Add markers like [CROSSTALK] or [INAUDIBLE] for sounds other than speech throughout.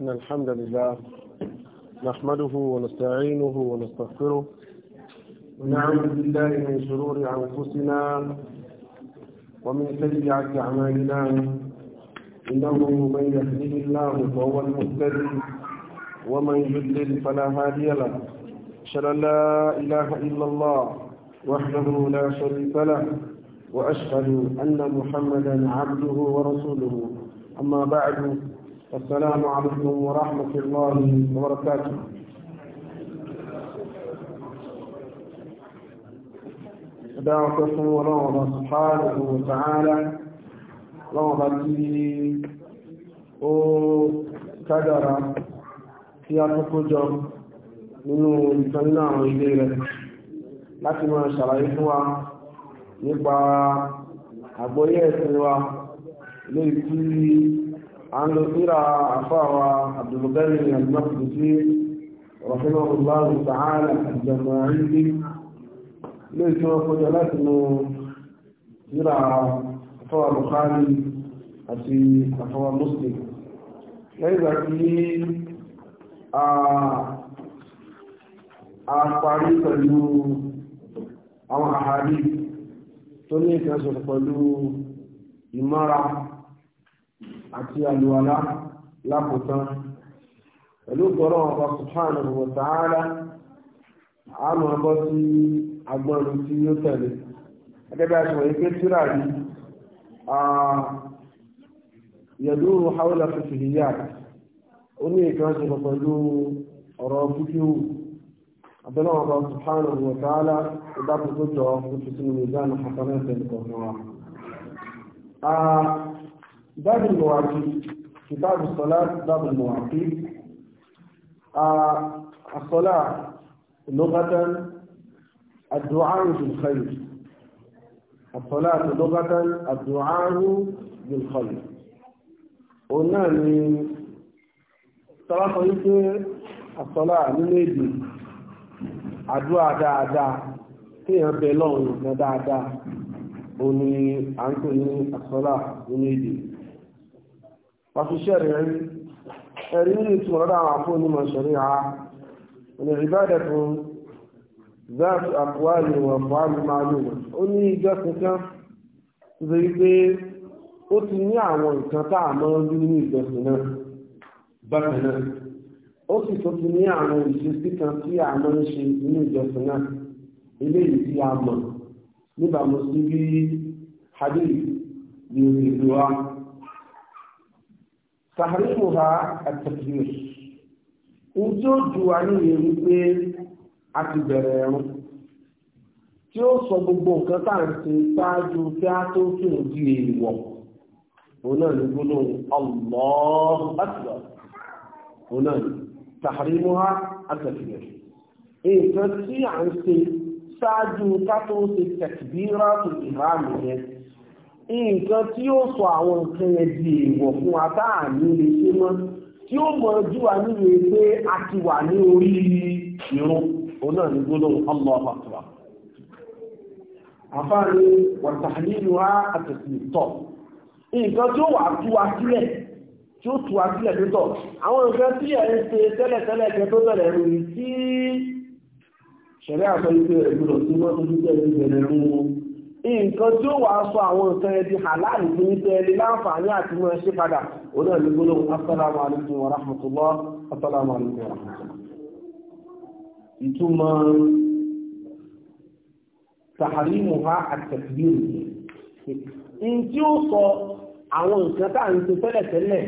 إن الحمد لله نحمده ونستعينه ونستغفره ونعوذ بالله من شرور أنفسنا ومن سيئات أعمالنا إنه من يهده الله فهو المهتدي ومن يضلل فلا هادي له أشهد أن لا إله إلا الله وحده لا شريك له وأشهد أن محمدا عبده ورسوله أما بعد والسلام عليكم ورحمة الله وبركاته dáwọ́kẹ́fún ọlọ́wọ́ba subhanahu wa ta'ala lọ́wọ́ba tí ó kádàrá tí a kókó jọ nínú ìtọ́nínà àwọn ilé rẹ̀ láti máa ṣàlàyé fún wa nípa àgbọ́yé ẹ̀sìn wa lè tí عن إلى عفاوة عبد الغني المقدسي رحمه الله تعالى الجماعي ليس وفجلات إنه إلى عفاوة البخاري أتي عفاوة مسلم ليس في àparí pẹ̀lú àwọn àhàrí tó ní ìkẹsọ̀ pẹ̀lú àti àlùwàlá lákòótán pẹ̀lú gbọ́rọ̀ ọba subhanahu wa ta'ala a máa bọ́ sí agbọ́nrin tí ó tẹ̀lé gẹ́gẹ́ bí a ṣe wọ̀nyí pé tíra yìí yẹ̀dúrú haúlà fìfìlìyà ó ní ìkan ṣe pẹ̀lú ọ̀rọ̀ fífíhù abẹ́lẹ́ ọba subhanahu wa ta'ala ìdákòókò jọ fífi sínú ìdáná àtàlẹ́sẹ̀ nìkan fún wa. باب المواقيت كتاب الصلاة باب المواقيت الصلاة لغة الدعاء بالخير الصلاة لغة الدعاء بالخير قلنا لي صلاة الصلاة من يدي àdúrà dáadáa téèyàn bẹ lọ́run nǹkan dáadáa òní à ń pè ní وفي شرع أريني تورد عفون من شريعة من عبادة ذات أقوال وأفعال معلومة أني جسدك زي بيه ó ti ní àwọn nǹkan tá a máa ń rí ní ìjọsìn náà bákan náà ó sì tó ti ní àwọn ìṣesí kan tí a máa ń ṣe nínú ìjọsìn náà eléyìí tí a mọ̀ níbàámu sí bí hadith ni òṣèlú wa tàrífòhà àtẹ̀kìyè ojú ojú wa níyẹn wípé a ti bẹ̀rẹ̀ ẹ̀rùn tí ó sọ gbogbo nǹkan tá à ń ṣe ṣáájú kí a tó kí n di èèwọ̀ òun náà ní gbólóhùn Allahu Akbar òun náà ní tàrífòhà àtẹ̀kìyè nǹkan tí à ń ṣe ṣáájú ká tó ṣe tẹ̀kìbírà tó yẹn nǹkan tí ó sọ àwọn nǹkan yẹn di èèwọ̀ fún wa tá à ní lè ṣe mọ́ tí ó mọ̀ ojú wa nílò pé a ti wà ní orí irun òun náà ní gbólóhùn Allahu Akbar àfáàní wàtàlínú á àtẹ̀sìn tọ̀ nǹkan tí ó wà tú wa sílẹ̀ tí ó tú wa sílẹ̀ tó tọ̀ àwọn nǹkan tí ẹ̀ ń ṣe tẹ́lẹ̀tẹ́lẹ̀ kẹ tó bẹ̀rẹ̀ rú ni tí ṣẹ̀rẹ́ àtọ́ ìgbẹ́ ẹ̀gbọ́dọ̀ tí wọ́n tó nǹkan tí ó wàá sọ àwọn nǹkan ẹbí halali tó ní tẹ́lẹ̀ láǹfààní àti mọ́ ṣe padà òun náà ló gbólóhùn assalamu alaikum wa rahmatullah assalamu alaikum wa rahmatullah. ìtumọ̀ tàhálímù ha àtẹ̀kìlì ní tí ó sọ àwọn nǹkan tá à ń ṣe tẹ́lẹ̀tẹ́lẹ̀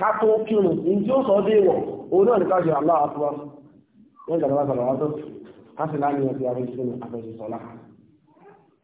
ká tó kírun ní tí ó sọ dé wọ̀ òun náà ní ká ṣe aláwọ̀ sọ̀rọ̀ wá tó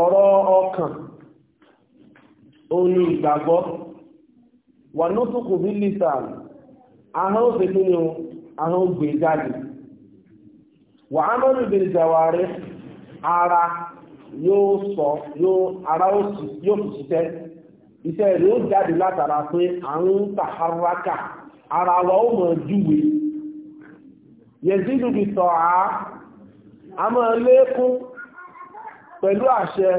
ọ̀rọ̀ ọkàn òní ìgbàgbọ́ wà ní bí lìsàn ahọ́n òfin ògbè jáde wà á mọ́ níbi ara yóò sọ yóò ara yóò fi ṣiṣẹ́ iṣẹ́ rẹ̀ ó jáde látara pé àrùn tàháráka ara wa ó mọ̀ júwe a máa lékún pẹ̀lú àṣẹ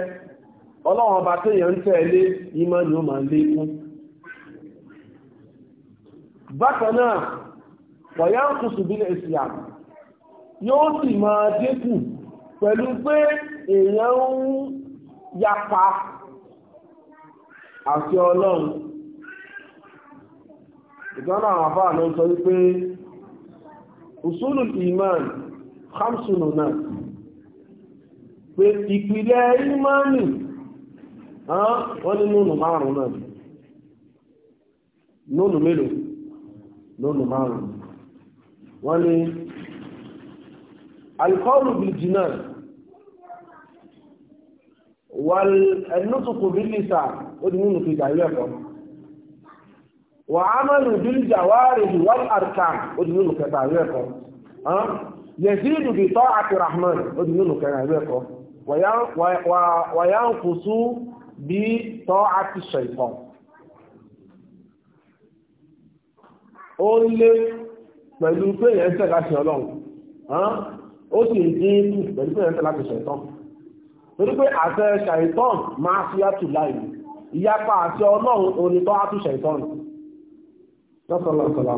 ọlọ́run ọba téèyàn ń tẹ̀lé ìmọ̀ ni ó máa lékún bákan náà wọ̀yá ń kùsù bílẹ̀ Islam yóò sì máa dínkù pẹ̀lú pé èèyàn ń yapa àti ọlọ́run ìgbọ́nà àwọn àbá àlọ́ sọ wípé usulul iman khamsununa náà pé ìpìlẹ̀ ìmánì wọ́n ní nùnù márùn-ún náà nùnù mélòó nùnù márùn-ún wọ́n ní alkọ́ọ̀lù bìjìnà wal ẹ̀nùtùkù bìlìsà ó di nùnù kìjà ilé ẹ̀kọ́ wà á mẹ́lù bìlìjà wáàrì wal arkan ó di nùnù kẹta ilé ẹ̀kọ́ yẹ̀sí ìdùbìtọ́ àti rahman ó di nùnù kẹta ilé ẹ̀kọ́ wàyáǹkùsù bí tọ́ àti ṣẹ̀tàn ó ń lé pẹ̀lú pé èèyàn tẹ̀ láti ọlọ́run ó sì ń dín kù pẹ̀lú pé èèyàn tẹ̀ láti ṣẹ̀tàn torí pé àṣẹ ṣẹ̀tàn máa fi àtù láì ìyapa àti ọlọ́run orin tọ́ àtù ṣẹ̀tàn lọ́sọ̀lọ́sọ̀lọ́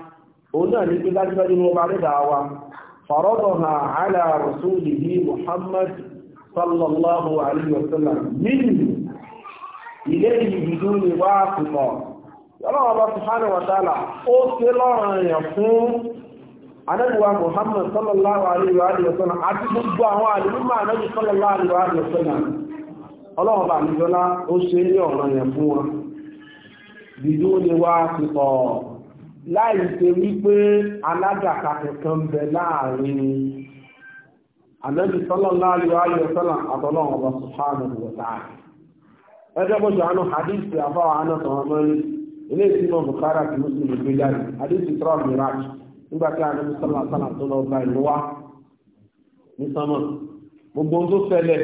òun náà ní pé dájúdájú ní ọba rẹ̀dà wa faradha ala rasulihi muhammad sallallahu alayhi wa sallam nínú ilé ìbìdú ni wá àtùkọ̀ wa ta'ala ó ṣe lọ́rọ̀ èèyàn fún anábíwá muhammad sallallahu wa sallam sallallahu wa sallam láì ṣe wípé alágàkàkẹ̀ kan bẹ láàrin ànábì sallallahu alaihi wa sallam àtọ́lọ́wọ̀n ọba subhanahu wa ta'ala ẹjọ́ bó ṣe àánú hadith àbáwọ̀ àánú tọ̀wọ́ mọ́rin ilé ìsinmi bukara ti muslim gbé jáde hadith tọ́rọ̀ miraj nígbà tí ànábì sallallahu alaihi wa sallam tó lọ bá ìlú wa ní sánmọ̀ gbogbo ohun tó ṣẹlẹ̀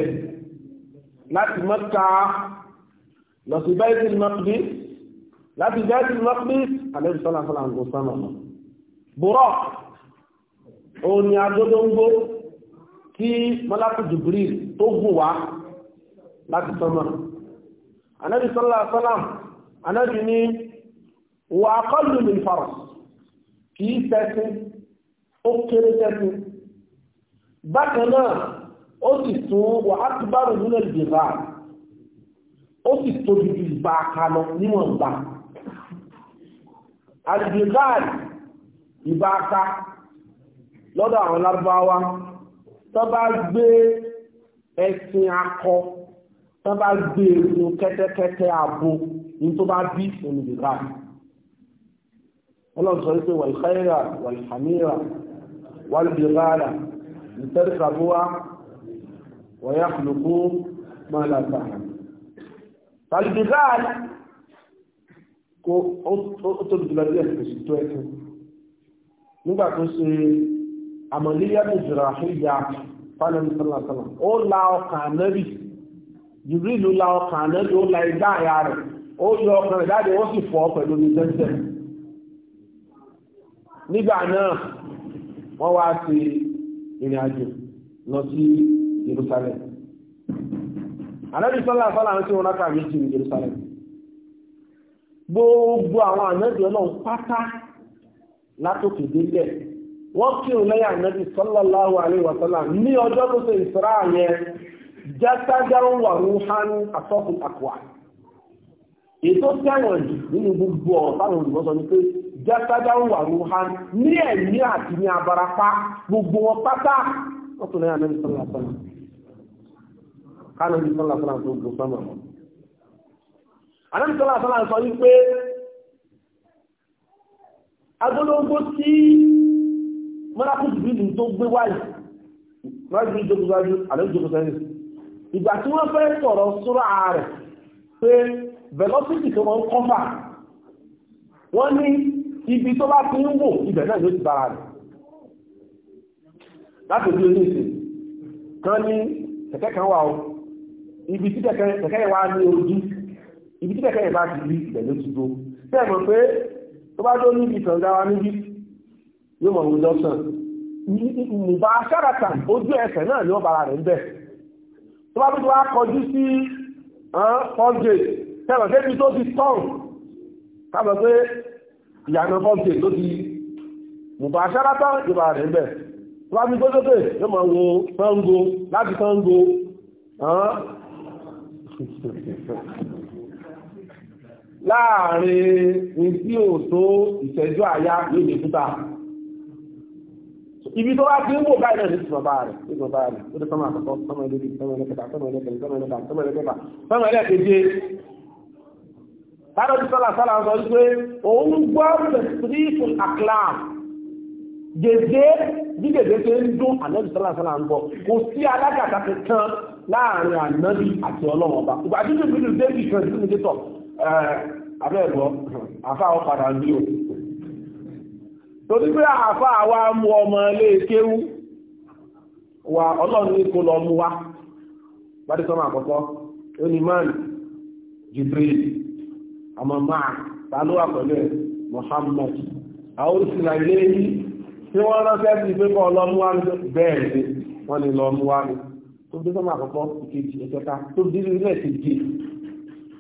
láti Mẹ́kà lọ sí Baitul Maqdis láti Baitul Maqdis àlẹ́bí sọ́lá sọ́lá ń gùn o lọ bùrọ̀ òun ni adódóńgbó tí mọ́lákù jùbírí tó gùn wá láti sánà àlẹ́bí sọ́lá sọ́lá àlẹ́bí ní wà kọlù ní fọ̀rọ̀ kìí tẹ́sìn ó kéré tẹ́sìn bákan náà ó sì tún wà á ti bá rò nílẹ̀ ìgbà ó sì tóbi ìgbà kalọ níwọ̀n ìgbà alìbìbáàlì ìbáka lọ́dọ̀ àwọn lárúbáwá tó bá gbé ẹṣin akọ tó bá gbé ẹṣin kẹ́tẹ́kẹ́tẹ́ abo ní tó bá bí olùbìbáàlì ọlọ́run sọ wípé wàlìkáyà wàlìhàmíra kó ó tóbi jùlọ bí ẹ̀sìn sì tó ẹ̀sìn nígbà tó ṣe àmọ̀lẹ́yà tó jùlọ àṣíyà fánàmì sálàsálà ó la ọkàn ànábì Jibril ló la ọkàn ànábì ó la igbá àyà rẹ̀ ó yọ ọkàn rẹ̀ jáde ó sì fọ́ pẹ̀lú omi tẹ́tẹ́ nígbà náà wọ́n wá sí ìrìn àjò lọ sí Jerusalem ànábì sálàsálà ń ṣe wọn lákàmì sí Jerusalem gbogbo àwọn ànábì ọlọ́run pátá látòkè délẹ̀ wọ́n kí o lẹ́yìn ànábì sallallahu alaihi ní ọjọ́ tó ṣe ìsra yẹn játájá nínú gbogbo ni pé játájá ń ní ẹ̀mí àti ní gbogbo wọn pátá wọ́n kí o lẹ́yìn àdámìsọ́lá àsọ́lá sọ wípé agbólógbó tí mọ́lákùtù bílù tó gbé wáyé lọ́jọ́ ìjókòsọ́jú àlejòkòsọ́ sẹ́yìn ìgbà tí wọ́n fẹ́ sọ̀rọ̀ sọ́rọ̀ ààrẹ pé velocity tó wọ́n kọ́fà wọ́n ní ibi tó bá fi ń wò ibẹ̀ náà ló ti bára rẹ̀ láti ojú orí ìsìn kan ní kẹ̀kẹ́ kan wà ó ibi tí kẹ̀kẹ́ wà ní ojú ibi tí kẹ̀kẹ́ ìbá ti rí ìbẹ̀ ló ti dó bẹ́ẹ̀ mọ̀ pé tó bá tó níbi ìtànga wa níbi yóò mọ̀ òun lọ́sàn nìbá sáràtà ojú ẹsẹ̀ náà ni wọ́n bára rẹ̀ ń bẹ̀ tó bá tó wá kọjú sí fọ́ọ̀gè tẹ̀wọ̀ débi tó ti tọ́n kábọ̀ pé ìyànà fọ́ọ̀gè ló ti nìbá sáràtà yóò bára rẹ̀ ń bẹ̀ tó bá tó tó tó yóò mọ̀ wo Ṣàngó láti Ṣàngó láàrin ní tí ò tó ìṣẹ́jú àyá méje fúta ibi tó wá tí ń wò báyìí náà ní ti bàbá rẹ̀ ní bàbá rẹ̀ ó dé sọ́mọ àkọ́kọ́ sọ́mọ ẹlẹ́dẹ̀ sọ́mọ ẹlẹ́kẹta sọ́mọ ẹlẹ́kẹta sọ́mọ ẹlẹ́kẹta sọ́mọ ẹlẹ́kẹta sọ́mọ ẹlẹ́kẹta tàbí sọ́là sọ́là sọ wípé òun gbọ́ pẹ̀sìrìkù àkìlá gèdè bí gèdè tó ń dún ànábì sọ́là sọ́là ń bọ̀ kò sí alágàtà kankan láàrin ànábì àti ọlọ́run ọba ìgbà tí ìdílé ìdílé débi kan ìdílé ìdílé tọ̀ Eh, abẹ́ẹ̀bọ́ àfá ọ padà ní o torí pé àfá wa mú ọmọ ilé kéwú wà ọlọ́run ní kó lọ mú wá bádé sọ́mọ àkọ́kọ́ ó Jibril àmọ́ máa ta ló wà pẹ̀lú ẹ̀ Muhammad àwọn òṣìlá ilé yìí tí wọ́n ránṣẹ́ sí pé kọ́ ọlọ́mú wá bẹ́ẹ̀ ni wọ́n ní lọ mú wá ni tó bí sọ́mọ àkọ́kọ́ ìkejì ẹ̀kẹta tó bí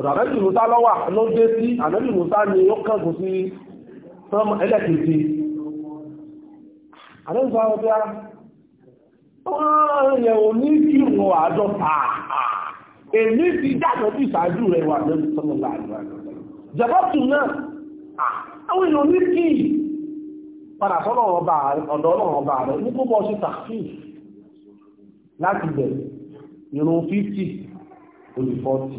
ọ̀dọ̀ ànábì Mùsá lọ́wà ló dé sí ànábì Mùsá ni ó kẹ́gùn sí sọ́mọ ẹlẹ́kẹ̀ẹ́sì ànábì Mùsá wọ́n bíá wọ́n yẹ̀ ò ní kí wọ́n àádọ́ta èmi ti jáde bí ìṣáájú rẹ̀ àwọn èèyàn ní kí padà sọ́dọ̀ ọba ọ̀dọ̀ ọlọ́ọ̀ba rẹ̀ ní kó bọ́ sí tàkì láti bẹ̀rẹ̀ ìrùn 50 olùfọ́tì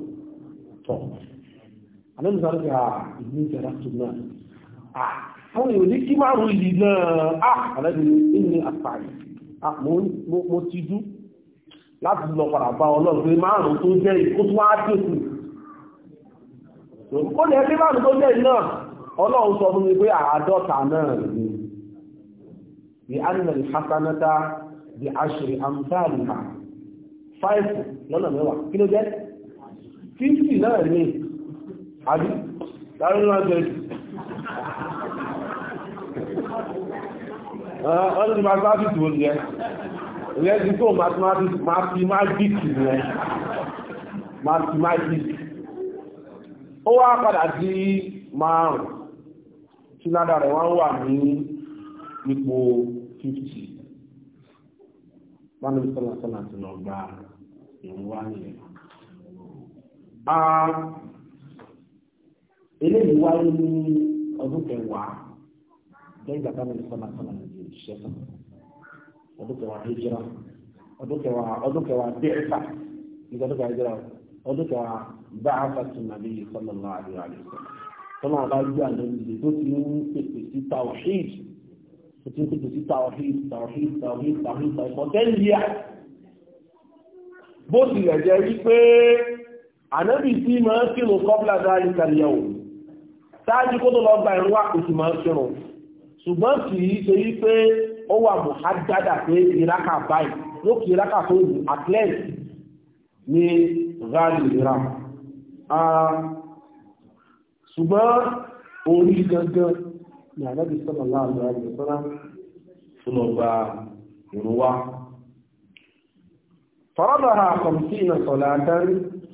tọ̀ àlejò sáré pé a ìlú ìjẹ̀rà tó náà à àwọn èèyàn ní kí márùn yìí náà à àlejò ní ní àpàrí mo ti dú láti lọ padà bá ọlọ́run pé márùn tó jẹ́ ìkó tó wá dẹ̀kù ó lè ẹgbẹ́ márùn tó jẹ́ náà ọlọ́run sọ fún mi pé àádọ́ta náà ni bí ánìyàn hasanata bí aṣèrè àmúfáàlùmá 5 lọ́nà mẹ́wàá kí ló jẹ́ fífì náà ní àbí ọdún ni mathematics wọ́n jẹ́ mathematics mathematics rẹ̀ mathematics ó wá padà sí márùn tí ládà rẹ̀ wọ́n wà ní ipò 50 sọ́lá ti lọ ìwọ́n wá eléyìí wáyé ní ọdún kẹwàá lẹ́yìn bàbá mi sọ́nà sọ́nà nàìjíríà ìṣẹ́ fún ọdún kẹwàá hijira ọdún kẹwàá ọdún kẹwàá bẹ́ẹ̀fà nígbà ọdún kẹwàá hijira ọdún kẹwàá báàfà tún nàbí sọ́nà àdúrà sọ́nà tó ti ń pèpè sí tó ti ń pèpè sí ànábì tí ma ń kírun kọ́bílà dáadé kàríyàwó sáájú kó tó lọ gba ìrún wà kò sì ma ń kírun ṣùgbọ́n kì í ṣe yí pé ó wà mùhádádà pé ìrákà báyìí ló kì ìrákà tó lù atlet ní rádì ìrà ṣùgbọ́n orí gangan ni ànábì sọ́nà láàrín àjọ sọ́nà fún ọgbà ìrún wà. فرضها خمسين صلاة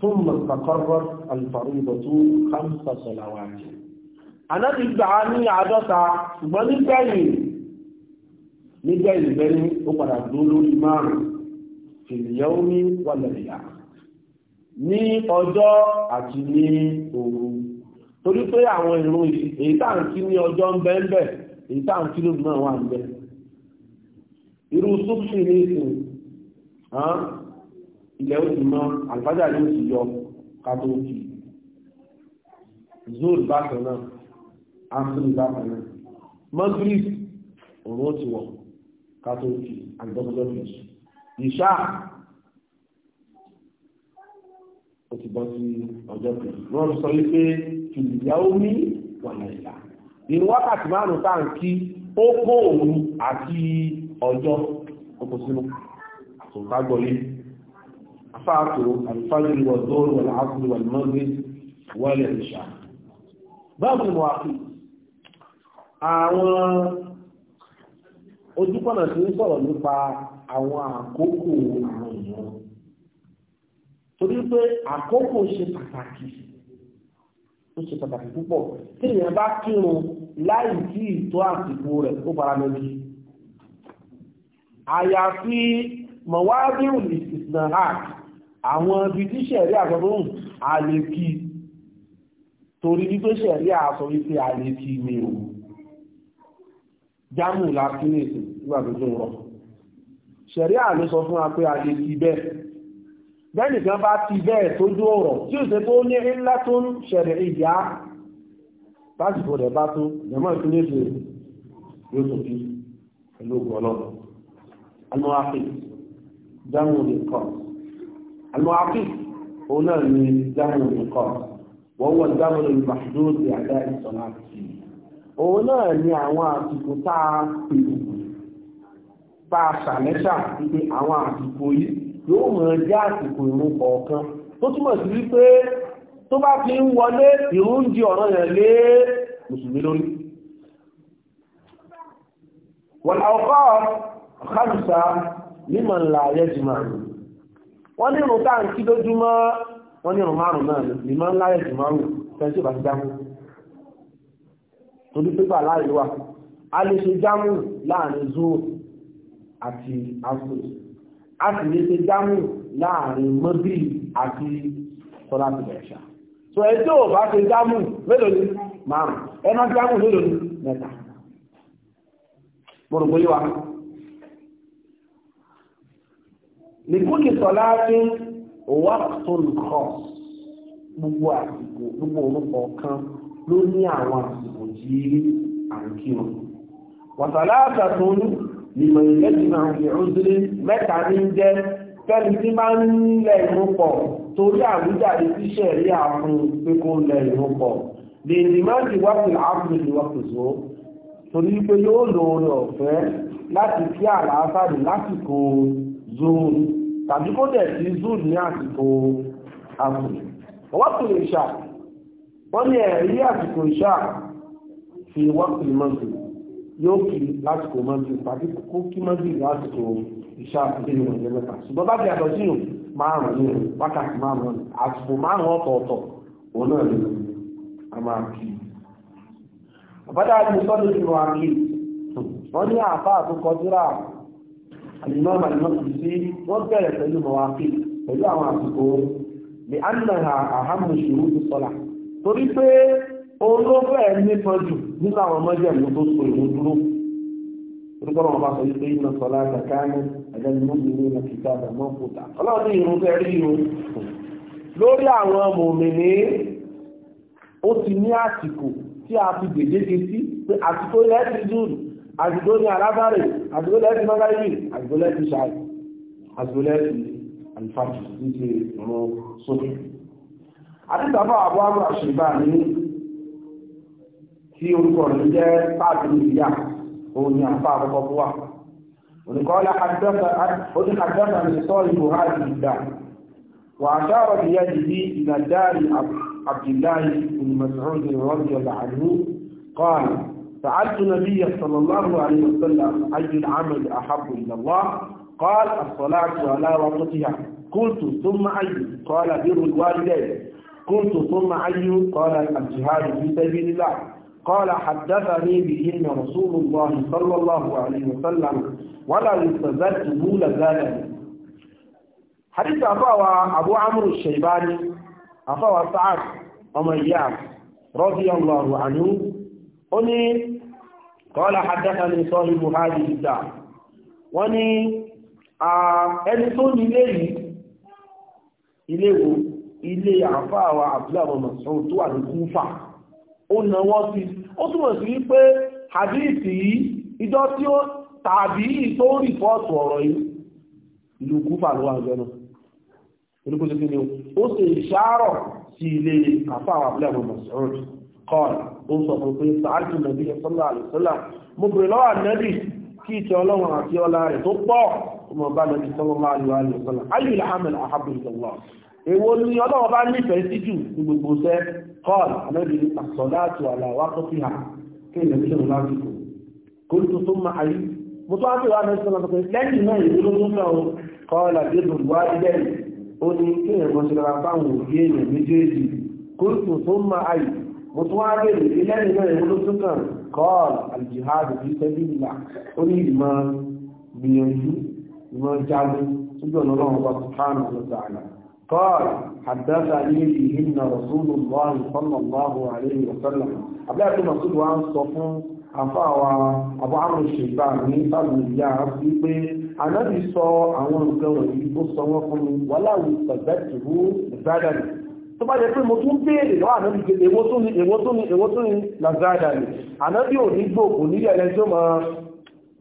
ثم تقرر الفريضة خمس صلوات أنا بالدعاني عدسة بني جاي نجاي بني أقرأ دول الإمام في اليوم والليلة ní ọjọ́ àti ní òru torí pé àwọn ìrun èyí tá ń kí ní ọjọ́ ń bẹ ń bẹ èyí tá ń kí lóòrùn náà wà ń bẹ irú súnfì ní ìsìn ilẹ̀ ó ti mọ́ àlùfájà ló ti yọ kátólíkì zoro bákan náà asiri bákan náà madrid òun ó ti wọ̀ kátólíkì àgbọ̀gbọ̀gbọ̀ ìṣá ó ti bọ́ sí ọjọ́ kejì wọ́n sọ wípé ìyá omi wà láìlá ìrù wákàtí márùn-ún tá à ń kí ó kó òun àti ọjọ́ ó kó sínú àtúntágbọ́ yìí الساعة الفجر والظهر والعصر والمغرب والعشاء باب المواقيت àwọn ojúkọ̀nà tí ń sọ̀rọ̀ nípa àwọn àkókò àwọn èèyàn torí pé àkókò ṣe pàtàkì ó ṣe pàtàkì púpọ̀ tí èèyàn bá kírun láì tí ìtọ́ àsìkò rẹ̀ ó fara lórí àyàfi mọ̀wádìí ìsìnà àti àwọn ibi tí ṣẹ̀rí àsọ̀rún àlèkì torí bí tó ṣẹ̀rí àsọ wípé àlèkì ni o jámù lákínèsì nígbà tó tó rọ ṣẹ̀rí àlè sọ fún wa pé àlèkì bẹ́ẹ̀ bẹ́ẹ̀ni kan bá ti bẹ́ẹ̀ tó dó ọ̀rọ̀ tí ó ṣe tó ní ńlá tó ń ṣẹ̀rẹ̀ ìyá lásìkò rẹ̀ bá tó jẹ́mọ́ ìpínlẹ̀ èdè yóò tó bí pẹ̀lú ọgbọ̀n náà alọ́wàfẹ́ dáhùn lè kọ́ المعاقيد هنا من زمن الإيقاف وهو الزمن المحدود لأداء الصلاة هنا ni àwọn àsìkò tá a pè bá a ṣàlẹ́ṣà wípé àwọn àsìkò yìí yóò mọ̀ jẹ́ àsìkò ìrun kọ̀ọ̀kan tó túmọ̀ sí wípé tó bá fi ń wọlé ìrun di ọ̀rọ̀ yẹn lé mùsùlùmí lórí wọ̀lá ọkọ̀ ọ̀kánùsá mímọ̀ ńlá ayẹ́jìmọ̀ wọ́n ní ìrùn táà ń kí lójúmọ́ wọ́n ní ìrùn márùn náà ní máa ń láyẹ̀ sí márùn fẹ́ntì bá ti dámú torí pépà láàrin wà a lè ṣe jámù láàrin zoo àti afro a sì lè ṣe jámù láàrin mọ́bí àti sọ́lá tìbẹ̀ṣà so ẹ tí ò bá ṣe jámù mélòó ni márùn ẹ má jámù mélòó ni mẹ́ta mo rò pé yóò lèkókè sọlá pé òwà tó nǹkan gbogbo àsìkò gbogbo orúkọ kan ló ní àwọn àsìkò tí à ń kí wọn. wàsálà àtàtún nìmọ̀ ìlẹ́gbìmọ̀ ìrúdúrí mẹ́ta ní jẹ́ fẹ́ni tí máa ń lẹ̀ ìmú pọ̀ torí àwùjáde tíṣẹ̀ rí àwọn pé kó lẹ̀ ìmú pọ̀ lè máa ń di wákùn áfíríkì ní wákùn tó torí pé yóò lo oore ọ̀fẹ́ láti kí àlàáfàdì lásìkò zoon tàbí kó dẹ̀ sí zoon ní àsìkò àpò wọ́n tó wọ́n ní ẹ̀rí àsìkò ìṣà fi wọ́n tàbí kó kí mọ́tò lásìkò ìṣà àti ìwọ̀n ìjẹ́ mẹ́ta ṣùgbọ́n bá ti àtọ̀ sí òun márùn-ún ní wákàtí márùn-ún àsìkò márùn-ún ọ̀tọ̀ọ̀tọ̀ òun náà ni a máa kí الإمام المقدسي وقال فإنه مواقيت pẹ̀lú àwọn àsìkò ní annaha ahamu ṣùrùtù sọ́là torí pé olófẹ́ nípa jù nínú àwọn mọ́jẹ̀mú tó so ìlú dúró orúkọ́rọ̀ wọn bá sọ wípé iná sọ́lá kàkánú ẹ̀dẹ́nu mi ní ìlà kìkà àdàmọ́ fòtà ọlọ́run ní irun fẹ́ rí irun lórí àwọn mòmìnì ó ti ní àsìkò tí a fi gbèdéke sí pé àsìkò rẹ̀ ti dùn àdìgbò ní alábàárẹ̀ àdìgbò lẹ́ẹ̀tì mọ́gáyì àdìgbò lẹ́ẹ̀tì ṣáà àdìgbò lẹ́ẹ̀tì alifáàtì ní ti rún sókè àtìtàbà àbọ̀ àbọ̀ àṣìbà ní tí orúkọ rẹ̀ jẹ́ páàkì ní ìyá òun ni àpá àkọ́kọ́ fún wa oníkọ́lá ní sọ́ọ̀lì buhari ìgbà wà á sáà rọ̀ ìyá jìbí ìnàdáàrí عبد الله بن مسعود عنه قال سألت النبي صلى الله عليه وسلم أي العمل أحب إلى الله قال الصلاة على وقتها قلت ثم أي قال بر الوالدين قلت ثم أي قال الجهاد في سبيل الله قال حدثني بهن رسول الله صلى الله عليه وسلم ولا يستزدت مول ذلك حديث أفاوى أبو عمرو الشيباني أفاوى سعد أمياس رضي الله عنه ó ní kọ́lá àdákanì sọ́rí buhari ìdá wọ́n ní ẹni tó ní ilé yìí ilé wo ilé àfáàwà àbúláwọ̀ mọ̀sán tó wà ní kúfà ó na wọ́n sí ó túnmọ̀ sí wípé hadisi yìí ìjọ tí ó tàbí tó rí fọ́ọ̀tù ọ̀rọ̀ yìí ìlú kúfà ló wà ń gbẹ́nu olùkóso kí ni ó ṣe ìṣàárọ̀ sí ilé àfáàwà àbúláwọ̀ mọ̀sán قال ó sọ fún pé sàájú nàbí ẹ̀sọ́lá àlùsọ́lá mo bèrè lọ́wọ́ ànẹ́bì kí ìtẹ́ ọlọ́run àti ọlá rẹ̀ tó pọ̀ ọmọ bá nàbí sọ́lọ́lá àlùsọ́lá ayé الله àhábù ìjọba èwo ni ọlọ́run bá nífẹ̀ẹ́ sí jù ní gbogbo sẹ́ kọ́ọ̀lù ànẹ́bì àsọ̀dá àti àlàwà tó fi hàn kí ìlẹ̀ fi hàn lásìkò kó tó tó máa ayé mo tó wáá tẹ̀wá nàbí sọ́lá pé lẹ́yìn náà èyí ló tún fẹ́ o kọ́ọ̀lù àbí ìbùdó ó ní kí èèyàn kan ṣe rárá fáwọn mo tún wá bèèrè pé lẹ́yìn náà ìwé ló tún kàn kọ́ọ̀l aljihad fi sẹ́bí ìlà ó ní ìmọ̀ gbìyànjú ìmọ̀ jagun tójú ọ̀nà ọlọ́run ọba sùkánù ọlọ́tààlà قال حدثني بهن رسول الله صلى الله عليه وسلم abúlé tó mọ̀sùn wa ń sọ fún àfáàwà àbúhámù ṣègbà ní sáàlù ìyá sí pé anábì sọ àwọn nǹkan wọ̀nyí ó sọ wọ́n fún mi wàláwù sọ̀gbẹ́tìrú ìbádàdì tó bá jẹ́ pé mo tún béèrè lọ́wọ́ ànábì pé èwo tún ni èwo tún ni èwo tún ni lazada ni ànábì ò ní gbòòkù nílẹ̀ ẹni tó mọ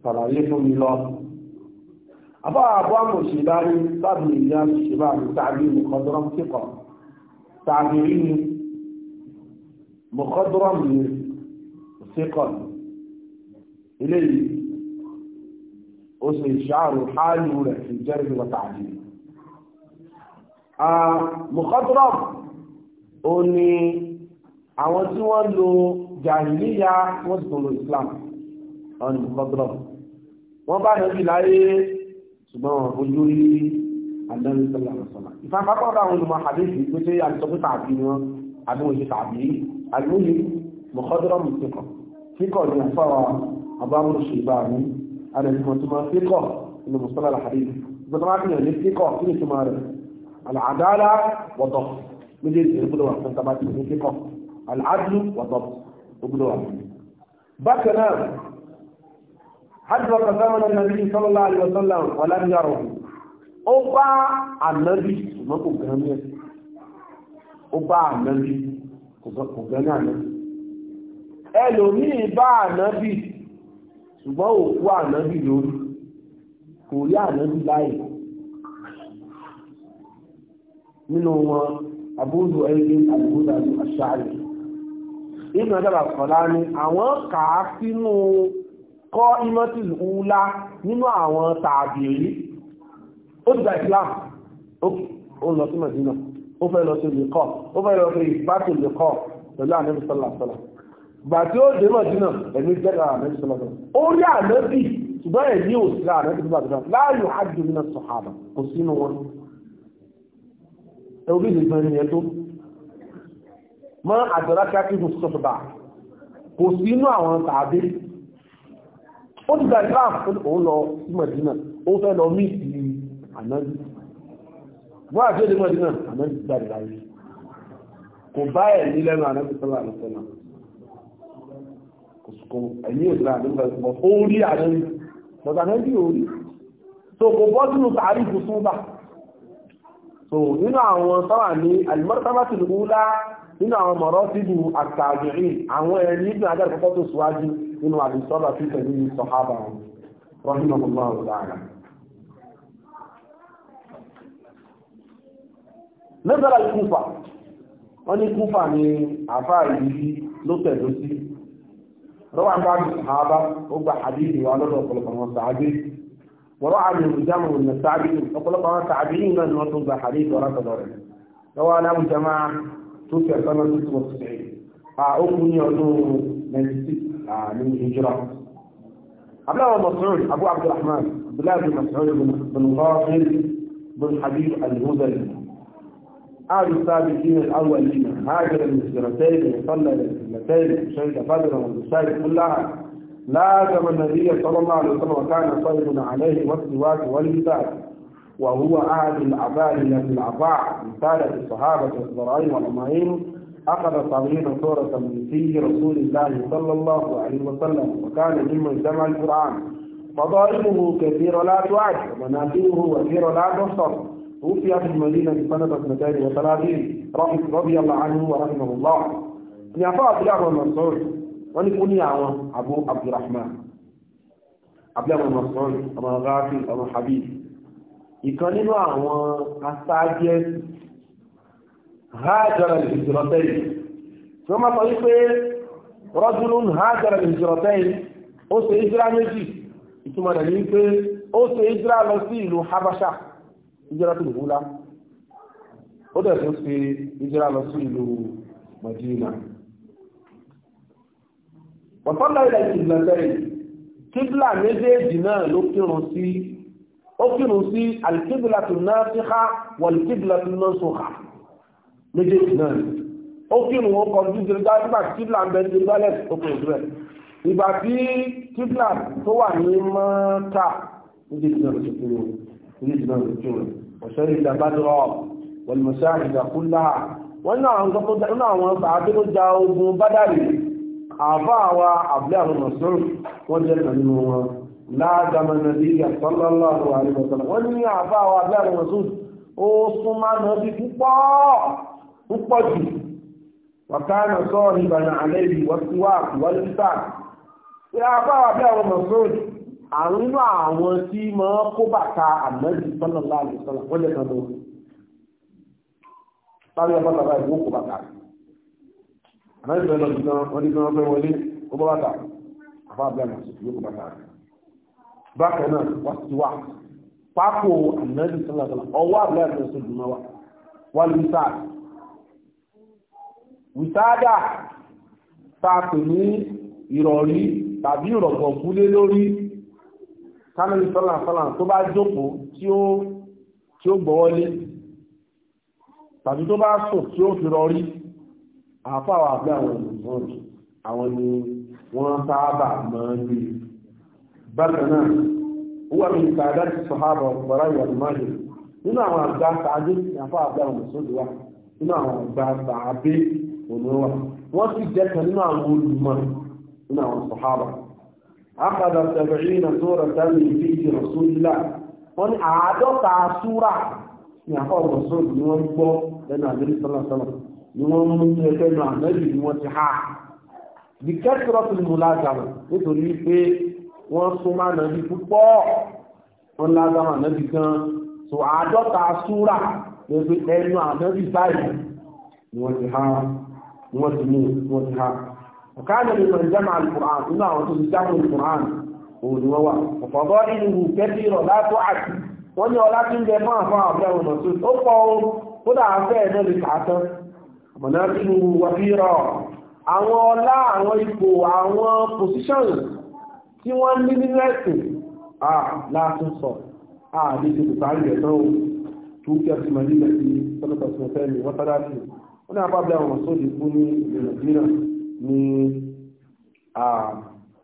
sàlàyé fún mi lọ àbá àbọ̀ àmọ̀ ṣèdarí tábì ìyá ṣèbá mi tàbí mùkọ́dọ́rọ́ kíkọ̀ tàbí rí ni mùkọ́dọ́rọ́ mi kíkọ̀ eléyìí ó sì ṣàrò hálù rẹ̀ fi jẹ́rìí wọ́tàdì mukhadrab ó ní àwọn tí wọ́n lo jàhìlíyà wọ́n ti tòrò islam wọ́n ni mukhadrab wọ́n bá yẹn bí láyé ṣùgbọ́n wọn fojú rí àdáni sọlá sọlá ìfàkàkọ́ ọ̀dọ̀ àwọn olùmọ̀ àdéhùn pé ṣé àtìsọ́kú tàbí ni wọ́n àbí wọ́n ṣe tàbí àlùmí mukhadrab mùsùlùmọ̀ kíkọ̀ ní àfọwọ́ àbámúrò ṣèbáàmù àdàlùmọ̀ tó máa àlàádáàlá wọ̀tọ̀ méjèèjì ìgbọ́dọ̀ wà fún tabati ní kíkọ́ àlàádùn wọ̀tọ̀ ìgbọ́dọ̀ wà fún. bákan náà hajjọ́ kàtàmọ́ náà nàbí sọ́lọ́lá àlùwọ̀sọ́lá wàlá ní yàrá ó bá ànábì ṣùgbọ́n kò gan ní ẹ̀ ó bá ànábì kò gan ní ànábì ẹlòmíì bá ànábì ṣùgbọ́n òkú ànábì lórí kò rí ànábì láyé nínú wọn abúlù ẹ̀yìn àbúlù àṣàyè nínú ọjọ́ àkọlá ni àwọn kà á sínú kọ́ imọ́tìlù ńlá nínú àwọn tàbírí ó ti gba islam ó lọ sí mẹ́dínà ó fẹ́ lọ sí lẹ́kọ́ ó fẹ́ lọ sí ìbátò lẹ́kọ́ pẹ̀lú ànẹ́bí sọ́làsọ́là gbà tí ó dé mẹ́dínà ẹ̀mí jẹ́ra ànẹ́bí sọ́làsọ́là ó rí ànẹ́bí ṣùgbọ́n ẹ̀mí ò sí ànẹ́bí sọ́làsọ́là láàyò ájú sọ̀hàbà kò sínú wọn ẹ̀rọ bí ìdìbò ẹni ẹ̀tọ́ mọ́ àjọ̀rá kákìrù sọ̀tọ̀bà kò sí inú àwọn tàbí ó ti gba islam òun lọ sí mẹ̀dínà ó fẹ́ lọ mí sí ànájú wọ́n àti èdè mẹ̀dínà ànájú jáde láyé kò bá ẹ̀ ní lẹ́nu ànájú sọ́lá àlùfẹ́nà kò sùkò ẹ̀yìn ìlú àdúgbò ẹ̀sùn ó rí ànájú lọ́dọ̀ ànájú ò rí so kò bọ́ sínú tàbí kò sún bá so nínú àwọn sáwà ní alimọ́tàmátì lúlá nínú àwọn mọ̀rọ́ síbù àtàgbìrì àwọn ẹni ìgbà ajá ìkọ́kọ́ tó síwájú nínú àdìsọ́lá sí pẹ̀lú sọ̀hábà rahimahullah ta'ala lẹ́gbẹ̀rẹ̀ ìkúfà wọ́n ní kúfà ní àfáà ìrísí ló tẹ̀lú sí rọ́wà ń bá sọ̀hábà ó gba àdìsí wa lọ́dọ̀ ọ̀pọ̀lọpọ̀ wọn sàágbé وراعى من قدامة من التعبير أقول لك تابعين من نوتهم بحديث وراء تدور لو أنا جماعة توفي سنة 96 أقول يوم 96 آه، من من الهجرة عبد الله مسعود أبو عبد الرحمن عبد الله بن مسعود بن غافر بن حبيب الهذلي أهل السابقين الأولين هاجر المسجرتين وصلى الى المسجرتين وشهد بدرا والمساجد كلها لازم النبي صلى الله عليه وسلم وكان صيد عليه والسواك والمثال وهو أحد العبادلة من مثالة الصحابة الزرعين والأمائين أخذ صغير سورة من في رسول الله صلى الله عليه وسلم وكان ممن جمع القرآن فضائمه كثيرة لا تعد ومناسبه كثيرة لا تحصر توفي في المدينة سنة 32 رضي الله عنه ورحمه الله. يا فاطمة بن مسعود wọ́n ní kún ní àwọn abu abdulrahman abdulrahman masan ọmọ rafi ọmọ habib ìkan nínú àwọn asáájẹ hajjara lè jùlọ tẹ́yìn tí wọ́n máa sọ wípé rọ́dúnlún hajjara lè jùlọ tẹ́yìn ó ṣe ìjírá méjì ìtumọ̀ rẹ̀ ní pé ó ṣe ìjírá lọ sí ìlú habasha ìjírá tó lùhúlá ó dẹ̀ tó ṣe ìjírá lọ sí ìlú madina wọ̀tọ́lá ilẹ̀ ìgbẹ̀tẹ̀rì kíbla méjèèjì náà ló kírun sí ó kírun sí alìkíbla tó náà sí ha wọ̀lìkíbla tó náà sọ ha méjèèjì náà ó kírun ó kọ ju jẹrẹ dájú bá kíbla ń bẹ ní balẹ̀ tó kọ ìdúrẹ̀ ìgbà tí kíbla tó wà ní mọ́ta méjèèjì náà ti kírun méjèèjì náà ló kírun ọ̀sẹ̀ ìgbà bá dọ̀rọ̀ wọ̀lùmọ̀ṣẹ́ ìgbà kúlá wọn náà àwọn àfáàwà àbúláàrù mọ̀sán wọ́n jẹ́ pẹ̀lú wọn láàdámà nàbí sallallahu alaihi wasallam wọ́n ní àfáàwà àbúláàrù mọ̀sán ó súnmọ́ nàbí púpọ̀ púpọ̀ jù wàkánà sọ́ọ̀rì ìbànà àlẹ́bí wọ́síwá wọ́lítà pé àfáàwà àbúláàrù mọ̀sán àwọn inú àwọn tí mọ́ kó bàtà ànábì sallallahu alaihi wasallam wọ́n jẹ́ pẹ̀lú anájú bẹ́ẹ̀ lọ sí náà wọ́n ní kí wọ́n fẹ́ wọlé ó bá bàtà àfa abúlé àti ìlú kò bàtà rẹ̀ bákan náà wá sí wa pápó anájú sọ́nà sọ́nà ọwọ́ abúlé àti ìlú sọ́nà wa wà ní sáà wìtáàdà tá a pè ní ìrọ̀rí tàbí ìrọ̀gbọ̀n kúlé lórí kánàlì sọ́làsọ́là tó bá jókòó tí ó gbọ́wọ́lé tàbí tó bá sùn tí ó fi rọrí àfáwà bí àwọn olùgbọ́n àwọn ni wọ́n sáábà máa ń gbé bákan náà wọ́n mi ta adájú sọ̀hábà ọ̀pọ̀lá ìwà ìmáyé nínú àwọn àgbà sáájú ní àfáwà bí àwọn wa nínú àwọn àgbà sàábé òní wa wọ́n sì jẹ́ kan nínú àwọn olùmọ̀ nínú àwọn sọ̀hábà akada na sóra sẹ́mi ìdí ìdí rasulila wọ́n ní àádọ́ta súra ní àfáwà olùsọ́dù ni wọ́n gbọ́ lẹ́nu àdéhùn sọ́lá sọ́lá ni wọ́n mú ní ẹgbẹ́ náà mẹ́bí ni wọ́n ti há bí kẹ́kọ̀ọ́ tó mú lágbàmù nítorí pé wọ́n súnmọ́ ànábì púpọ̀ wọ́n lágbàmù ànábì gan so àádọ́ta súrà lẹ́gbẹ́ ẹnu ànábì báyìí ni wọ́n ti há ni wọ́n ti mú ni wọ́n ti há ọ̀kánà ni wọ́n jẹ́ máa lùkùrán nínú àwọn tó ti jáwé lùkùrán òun ni wọ́n wà ọ̀fọ̀gọ́ nínú ìhù kẹ́kìrọ̀ látó àti wọ́n ní ọlá tí ń bẹ fún àwọn ọ̀gá ọ̀nà tó pọ̀ ó kódà afẹ́ ẹ̀ náà lè kà á tán mọ̀nàfíù wàfíìrọ̀ àwọn ọlá àwọn ipò àwọn pòsíṣọ̀n tí wọ́n ní nínú ẹ̀sìn láàtún sọ ààbí ti bùkárí rẹ̀ náà tó kí ẹ̀sìn mọ̀ nílẹ̀ sí tọ́lọ́tọ̀sìn ọ̀fẹ́ ní wọ́tádásì ó ní àbábẹ́ àwọn sóde fún ní ìlú nàìjíríà ní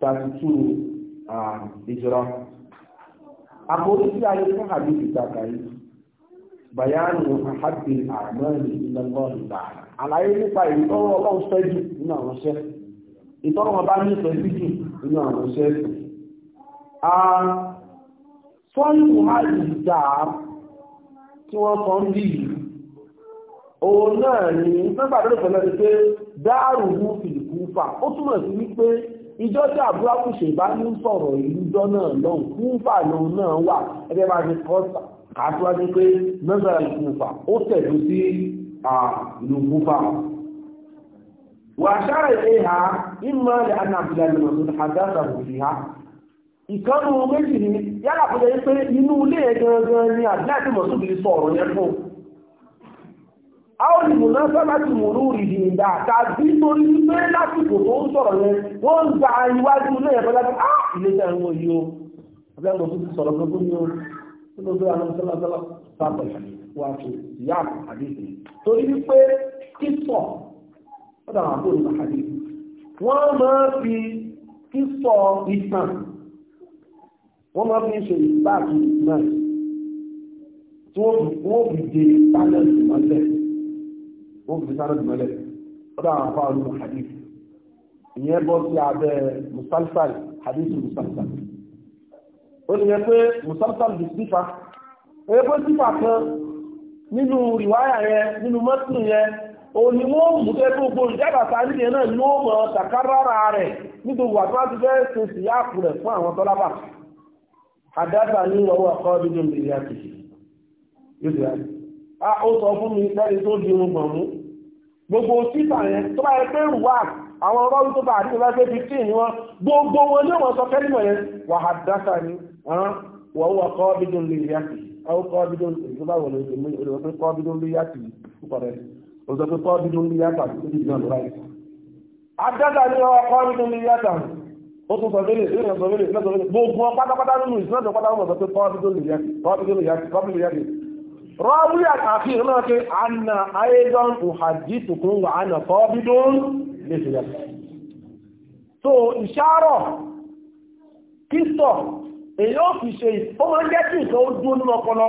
32 ìjọra àpò orí sí ayé fún àbí ìtàkà yìí bayanu ahabi amani ilalọ́ọ̀lù tààrà àlàyé nípa ìtọ́rọ ọlọ́run sẹ́jù nínú àwọn iṣẹ́ ìtọ́rọ wọn bá ní sẹ́jù jù nínú àwọn iṣẹ́ ẹ̀sìn sọ́yìn buhari dà tí wọ́n sọ ń bí òun náà ni nígbà tó lè pẹ̀lú pé dáàrù mú fìlìkúfà ó túmọ̀ sí wípé ìjọ tí àbúrákùṣe bá ní sọ̀rọ̀ ìlú jọ náà lọ́hùn kúfà lòun náà wà ẹgbẹ́ bá ti kọ́ kàtíwájú pé nọ́sàrà ìkúfà ó tẹ̀lú sí ìlú wà ṣára ilé ha ìmọ̀ ilẹ̀ àti àbúlá ìlú ọ̀sán àdáta ha ìkànnù méjì ni yálà kó jẹ́ pé inú ilé gangan ni àbúlá ìlú ọ̀sán ti sọ yẹn fún àwọn ìmùná sábà ti mú lórí ìdìndà tàbí torí pé lásìkò tó ń sọ̀rọ̀ yẹn wọ́n ń gba iwájú ilé ló gbé àwọn sọ́lọ́sọ́lọ́ sábà wà tó ìyá àdéhùn torí wípé kíkọ̀ ó dàgbà àbúrò àdéhùn wọ́n máa fi kíkọ̀ ìtàn wọ́n máa fi ṣe ìbáàkì náà tí wọ́n fi dé sálẹ̀sì mọ́lẹ̀ wọ́n fi sálẹ̀sì mọ́lẹ̀ ó dàgbà àbúrò nípa àdéhùn ìyẹn bọ́ sí abẹ́ musalsal àdéhùn musalsal ó ti yẹ musamman di sífà ẹgbẹ́ sífà kan nínú rìwáyà yẹn nínú mọ́tò yẹn gbogbo ìjábàtà nílẹ̀ náà ló mọ̀ tàkárárà rẹ̀ nítorí wà tó láti ṣe sí àpò fún àwọn àdáta ní dídí ìyá yóò ti a ó sọ fún mi tó di gbọ̀n mú gbogbo sífà yẹn tó bá yẹ pé rùwà àwọn ọlọ́run tó bá wọ́n wà kọ́ bídùn lè yàtì àwọn kọ́ bídùn ìjọba wọ̀lẹ̀ ìdèmí olùwọ́n pé kọ́ bídùn lè yàtì púpọ̀ rẹ̀ olùwọ́n pé kọ́ bídùn lè yàtà tó ti dùn lọ́wọ́ yìí. adága ni wọ́n kọ́ bídùn lè yàtà ó tún sọ̀rọ̀lẹ̀ ìrìnà sọ̀rọ̀lẹ̀ ìrìnà sọ̀rọ̀lẹ̀ gbogbo pátápátá nínú ìsúná pátá wọn sọ pé kọ́ bídùn lè yàtì kọ́ bídùn lè yàtì kọ́ bídùn lè yàtì. rọ́ọ̀wí àkàfin náà pé àna ayédán òhàjì tùkún kọ́ bídùn èyí ó fi ṣe ó máa ń jẹ́ kí nǹkan ó dúró nínú ọpọlọ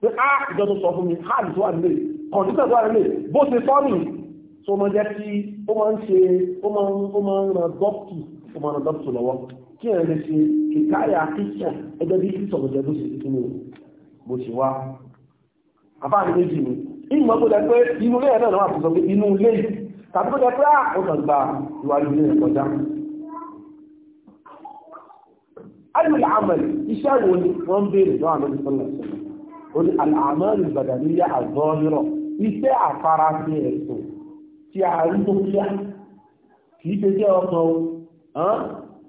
pé á ìjọ tó sọ fún mi hàn tó wà nílé kọ̀ǹtítọ̀ tó wà nílé bó ṣe sọ nì tó máa jẹ́ kí ó máa ń ṣe ó máa ń ran dọ́pù ó máa ń ran dọ́pù lọ́wọ́ kí ẹ̀ lè ṣe ìkáyà kíṣàn ẹgbẹ́ bí kíṣàn kò bó ṣe kíkí ni bó ṣe wá àbá mi méjì ni ìmọ̀ tó jẹ́ pé inú ilé ẹ̀ náà wà tó sọ pé inú ilé tàbí tó jẹ́ pé á ó kàn gba ìwà ìlú ẹ̀ kọjá ayọ̀lẹ̀ àmàlì iṣẹ́ wo ni wọ́n ń béèrè lọ́wọ́ àmàlì sọ́lá sọ́lá ó ní àmàlì bàdàníyà àzọ́nirọ̀ iṣẹ́ àfarasí ẹ̀sùn tí a rí tó kíá kì í ṣe jẹ́ ọkàn o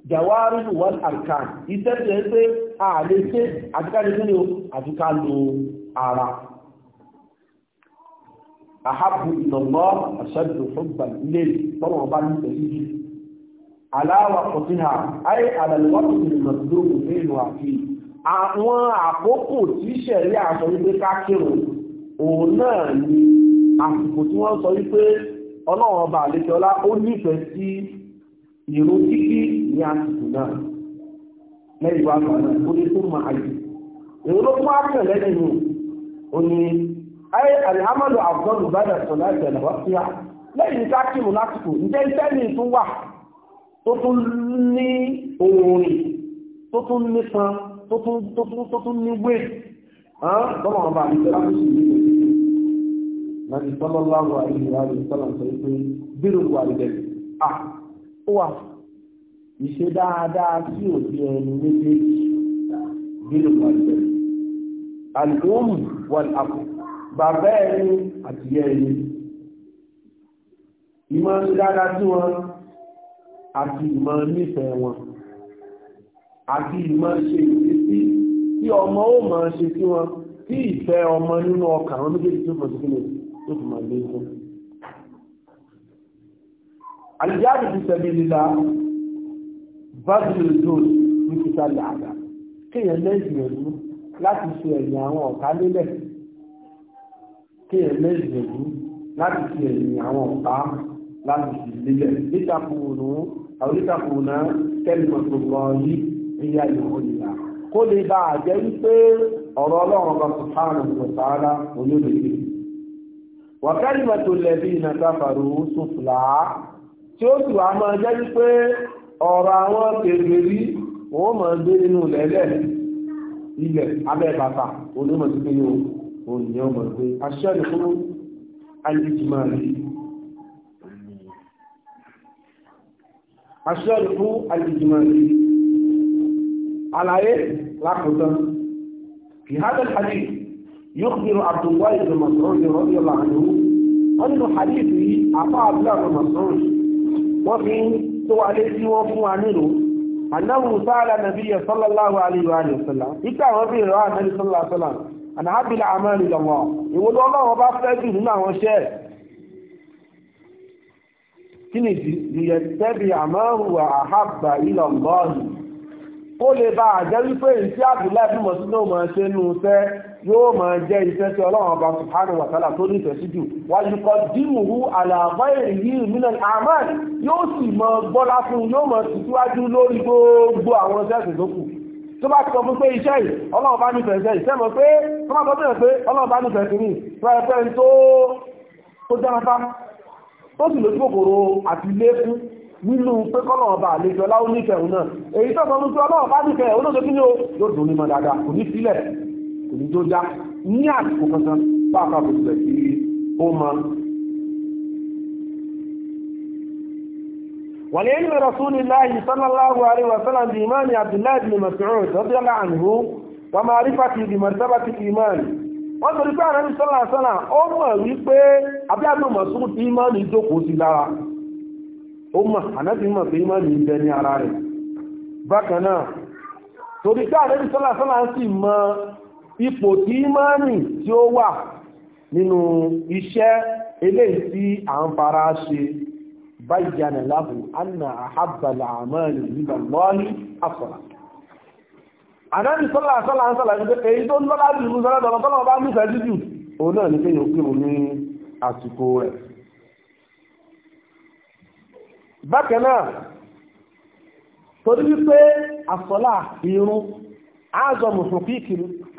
jàwárí wọ́n àrùkà iṣẹ́ tí ẹ pé ààrẹ ṣe àtikáde kí ni o àtiká lo ara àhábù ìnàmọ́ àṣẹ́dùn fún gbàgbé lè tọ́wọ́n bá ní ìtẹ̀síjú aláwà kọtíhà ayé àdàlùwọ́pùsì ìmọ̀sílógún ní ìlú àfi àwọn àkókò tí ṣẹ̀rí àsọ wípé kákìrò òun náà ni àsìkò tí wọ́n sọ wípé ọlọ́run ọba àlejọ́lá ó nífẹ̀ẹ́ sí ìrun kíkí ní àsìkò náà lẹ́yìn wá gbà náà ó ní tó máa yìí èrò ló fún àpẹ̀ lẹ́yìn nù ó ní ayé àlìhámọ́lù àbúrò bàdà sọ̀lá ìjẹ̀lẹ̀ wọ́pùsì lẹ́yìn kákìrò lásìkò ǹjẹ́ iṣẹ́ ní ìtún wà tó tún ní orin tó tún nípan tó tún ní wé bọ́lá ọba àti lábùsù ní ìlú nàbí sallallahu alaihi wa sallam sọ pé bírò wà lẹ̀ à ó wà ìṣe dáadáa sí òbí ẹni méjèèjì bírò wà lẹ̀ àlùmù wà àpò bàbá ẹni àti ẹni ìmọ̀ dáadáa sí wọn àti ìmọ̀ nífẹ̀ẹ́ wọn àti ìmọ̀ ṣe ìfẹ́sí tí ọmọ ó mọ̀ ṣe sí wọn tí ìfẹ́ ọmọ nínú ọkàn àwọn méjèèjì tó fọ̀ síkúlẹ̀ tó fi mọ̀ lé fún. àlìjáde ti sẹ́bi líla bábìlì zone ní kíkà làdà kéèyàn lẹ́yìn ẹ̀dú láti fi ẹ̀yìn àwọn ọ̀tá lélẹ̀ kéèyàn lẹ́yìn ẹ̀dú láti fi ẹ̀yìn àwọn ọ̀tá láti fi lélẹ̀ nítakùn òun àwòrítàkùnà kẹ́lìmọ̀tòlọ́ọ̀lì ìyá ìhòòlìyà kó lè bá a jẹ́ wípé ọ̀rọ̀ ọlọ́run ọba subhanahu wa ta'ala olóògbé wa kalimatul-ladhina kafaru sufla tí ó sì wá máa jẹ́ wípé ọ̀rọ̀ àwọn kèfèrí wọ́n máa gbé nínú lẹ́lẹ̀ ilẹ̀ abẹ́ bàtà òyìnbó máa gbé aṣẹ́ ìfún aṣọ́lù fún alìjìmọ̀lì àlàyé lákòótán fi hadal hadith yukhbiru abdullahi ibn mas'ud radiyallahu anhu wọ́n nínú hadith yìí afọ́ abdullahi ibn mas'ud wọ́n fi tó wà lé tí wọ́n fún wa nínú annahu sa'ala nabiyya sallallahu alaihi wa sallam ita wọ́n fi rọ́ annabi sallallahu alaihi wa sallam ana kí ni ìdí ìyẹ̀tẹ́bí àmọ́hùwà àhábà ilọ̀ mọ́ọ̀lù ó lè bá àjẹ́ wípé ìsí àbúlẹ̀ bí mọ̀sílò mọ̀ ṣe nú iṣẹ́ yóò mọ̀ jẹ́ iṣẹ́ tí ọlọ́run ọba subhanahu wa ta'ala tó ní ìfẹ̀sí jù wàlùkọ́ dìmùhù àlàbọ̀ èyí mílẹ̀ ahmad yóò sì mọ gbọ́lá fún yóò mọ̀ síwájú lórí gbogbo àwọn iṣẹ́ tó kù tó bá sọ fún pé iṣẹ́ yìí ọlọ́run bá nífẹ̀ẹ́ iṣẹ́ iṣẹ́ mọ̀ pé tó bá sọ pé ọlọ́run bá nífẹ̀ẹ́ sí mi tó ẹ tó sì lójú àti lékún nínú pé ọba àlejò ọláwó nífẹ̀ẹ́ òun èyí tó sọ wípé ọlọ́run bá nífẹ̀ẹ́ òun kí yóò dùn dáadáa kò ní sílẹ̀ kò ní tó já ní kankan pàápàá kò wọ́n torí pé àrẹ́bí sọ́là sọ́là ó mọ̀ wípé abíádùn mọ̀sùn tí mọ́ ní jókòó sí lára ó mọ̀ ànábì mọ̀ pé mọ́ ní ibẹ̀ ní ara rẹ̀ bákan náà torí pé àrẹ́bí sọ́là sọ́là sì mọ ipò tí mọ́ ní tí ó wà nínú iṣẹ́ eléyìí tí à ń fara ṣe báyìí jẹ́ ànàlábù anna àhábàlà àdábì sọ́lá sọ́lá sọ́lá ìgbẹ́ èyí tó ń lọ́lá jù fún sọ́lá tọ́lọ́ tọ́lọ́ bá ń fẹ́ jù òun náà ní kéèyàn kí òun ní àsìkò rẹ̀ bákan náà torí wípé àsọ́lá irun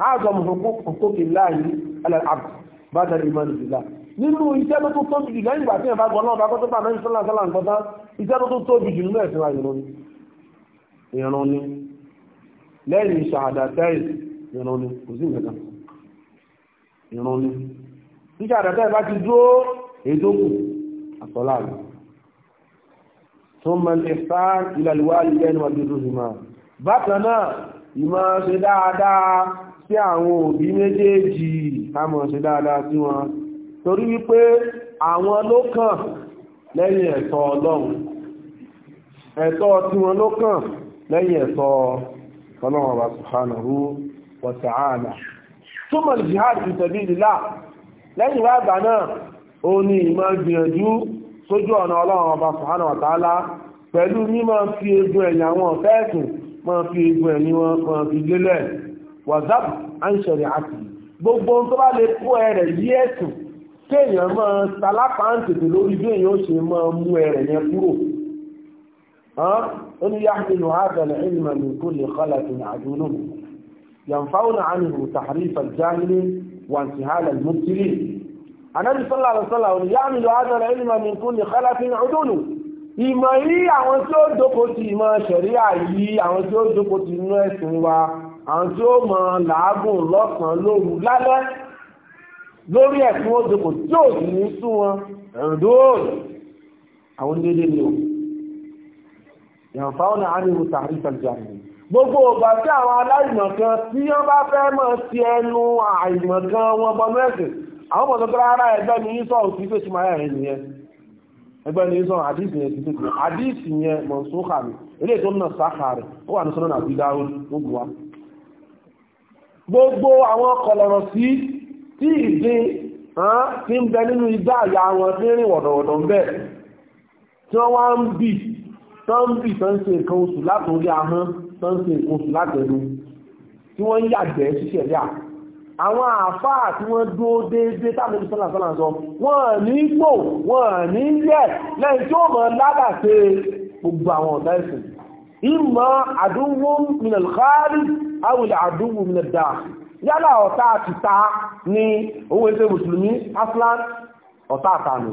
áàzọmù òkókè láàyè alàbù bá dàrí ìmọ̀ nìjìlá nínú iṣẹ́ tó tó tóbi jù lẹ́yìn ìgbà tí ẹ̀bá gbọ́n náà bá kọ́ sọ́lá sọ́lá nǹkan tán iṣẹ́ tó tó tóbi jù nínú ẹ̀sìn ìrun ni lẹ́yìn ṣàdàtẹ́rì ìran ni kò sí ìgbẹ̀kan ìran ni tí ṣàdàtẹ́rì bá ti dúró èdò kù àtọ́lá rẹ̀ tó mẹ́lẹ̀ sáà ìlàlúwárí lẹ́nu àdúró ìmọ̀ bákan náà ìmọ̀ ṣe dáadáa sí àwọn òbí méjèèjì kámọ̀ ṣe dáadáa sí wọn torí wípé àwọn ló kàn lẹ́yìn ẹ̀tọ́ ọlọ́run ẹ̀tọ́ tí wọn ló kàn lẹ́yìn ẹ̀tọ́ ọlọ́run ọlọ́run ọba subhanahu wa ta'ala túmọ̀ jihad fi sabilillah lẹ́yìn wá gbà náà ó ní ìmọ̀ gbìyànjú sójú ọ̀nà ọlọ́run ọba subhanahu wa ta'ala pẹ̀lú mímọ̀ fi egun ẹ̀yìn àwọn ọ̀fẹ́ẹ̀kùn mọ̀ fi egun ẹ̀yìn wọn mọ̀ fi lélẹ̀ wazab anṣẹ̀rì ó ní yáhìlú hádàlẹ̀ ìlmà min kulli khalaqin àdúró yanfáwọn àánihù tàhrífà jáhìlì wà sí hálà mùsùlùmí anábì sọ́lá àlọ́sọ́lá ó ní yáhìlú hádàlẹ̀ ìlmà min kulli khalaqin àdúró ìmọ̀ yí àwọn tí ó dókò ti ìmọ̀ ṣẹ̀ríà yí àwọn tí ó dókò ti inú ẹ̀sìn yànfàwọn àríwú tàrífà jàmì gbogbo ọba tí àwọn aláìmọ̀kan tí wọ́n bá fẹ́ mọ̀ sí ẹnu àìmọ̀kan wọn bọnú ẹ̀sìn àwọn ọmọ tó gbára ara ẹgbẹ́ ní sọ òtí tó ti máa rẹ̀ nìyẹn ẹgbẹ́ ní sọ àdíìsì yẹn ti tó tìyẹn àdíìsì yẹn mọ̀ sún kà mí ilé tó nà sáka ó wà ní sọ́nà àbí dáwó gbogbo tọ́ǹbì tó ń ṣe nǹkan oṣù látòrí ahọ́n tó ń ṣe nǹkan oṣù látẹnu tí wọ́n ń yàgbẹ́ ṣíṣẹ̀ dà àwọn àfáà tí wọ́n dúró déédéé táwọn ibi sọ́là sọ́là sọ wọ́n ní gbò wọ́n ní yẹ̀ lẹ́yìn tí ó mọ̀ ládà ṣe gbogbo àwọn ọ̀tá ẹ̀sìn ìmọ̀ àdúgbò minal kharij àwìlẹ̀ àdúgbò minal dakhil yálà ọ̀tá àtìta ni owó ẹsẹ̀ mùsùlùmí aslan ọ̀tá àtàlù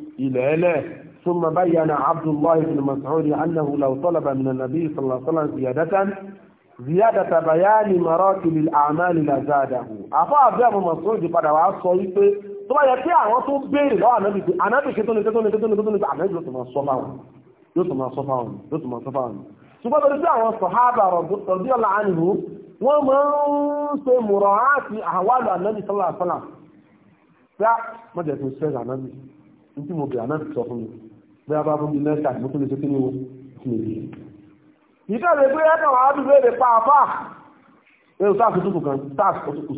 ilẹ̀ẹ́lẹ̀ ثم بين عبد الله بن مسعود أنه لو طلب من النبي صلى الله عليه وسلم زيادة ziyadata bayani marakilil amali la zadahu afa abdul masud padà wá sọ wí pé tó bá yẹ kí àwọn tó béèrè lọ́wọ́ anabi pé anabi ke tó ní tó ní tó ní tó tí mo bẹ̀rẹ̀ náà sọ fún mi bí a bá fún mi mẹ́ta mo tún lè ṣe kí ni o kí ni pé ẹ̀ka wà á dùn léde pàápàá sáà tuntun kan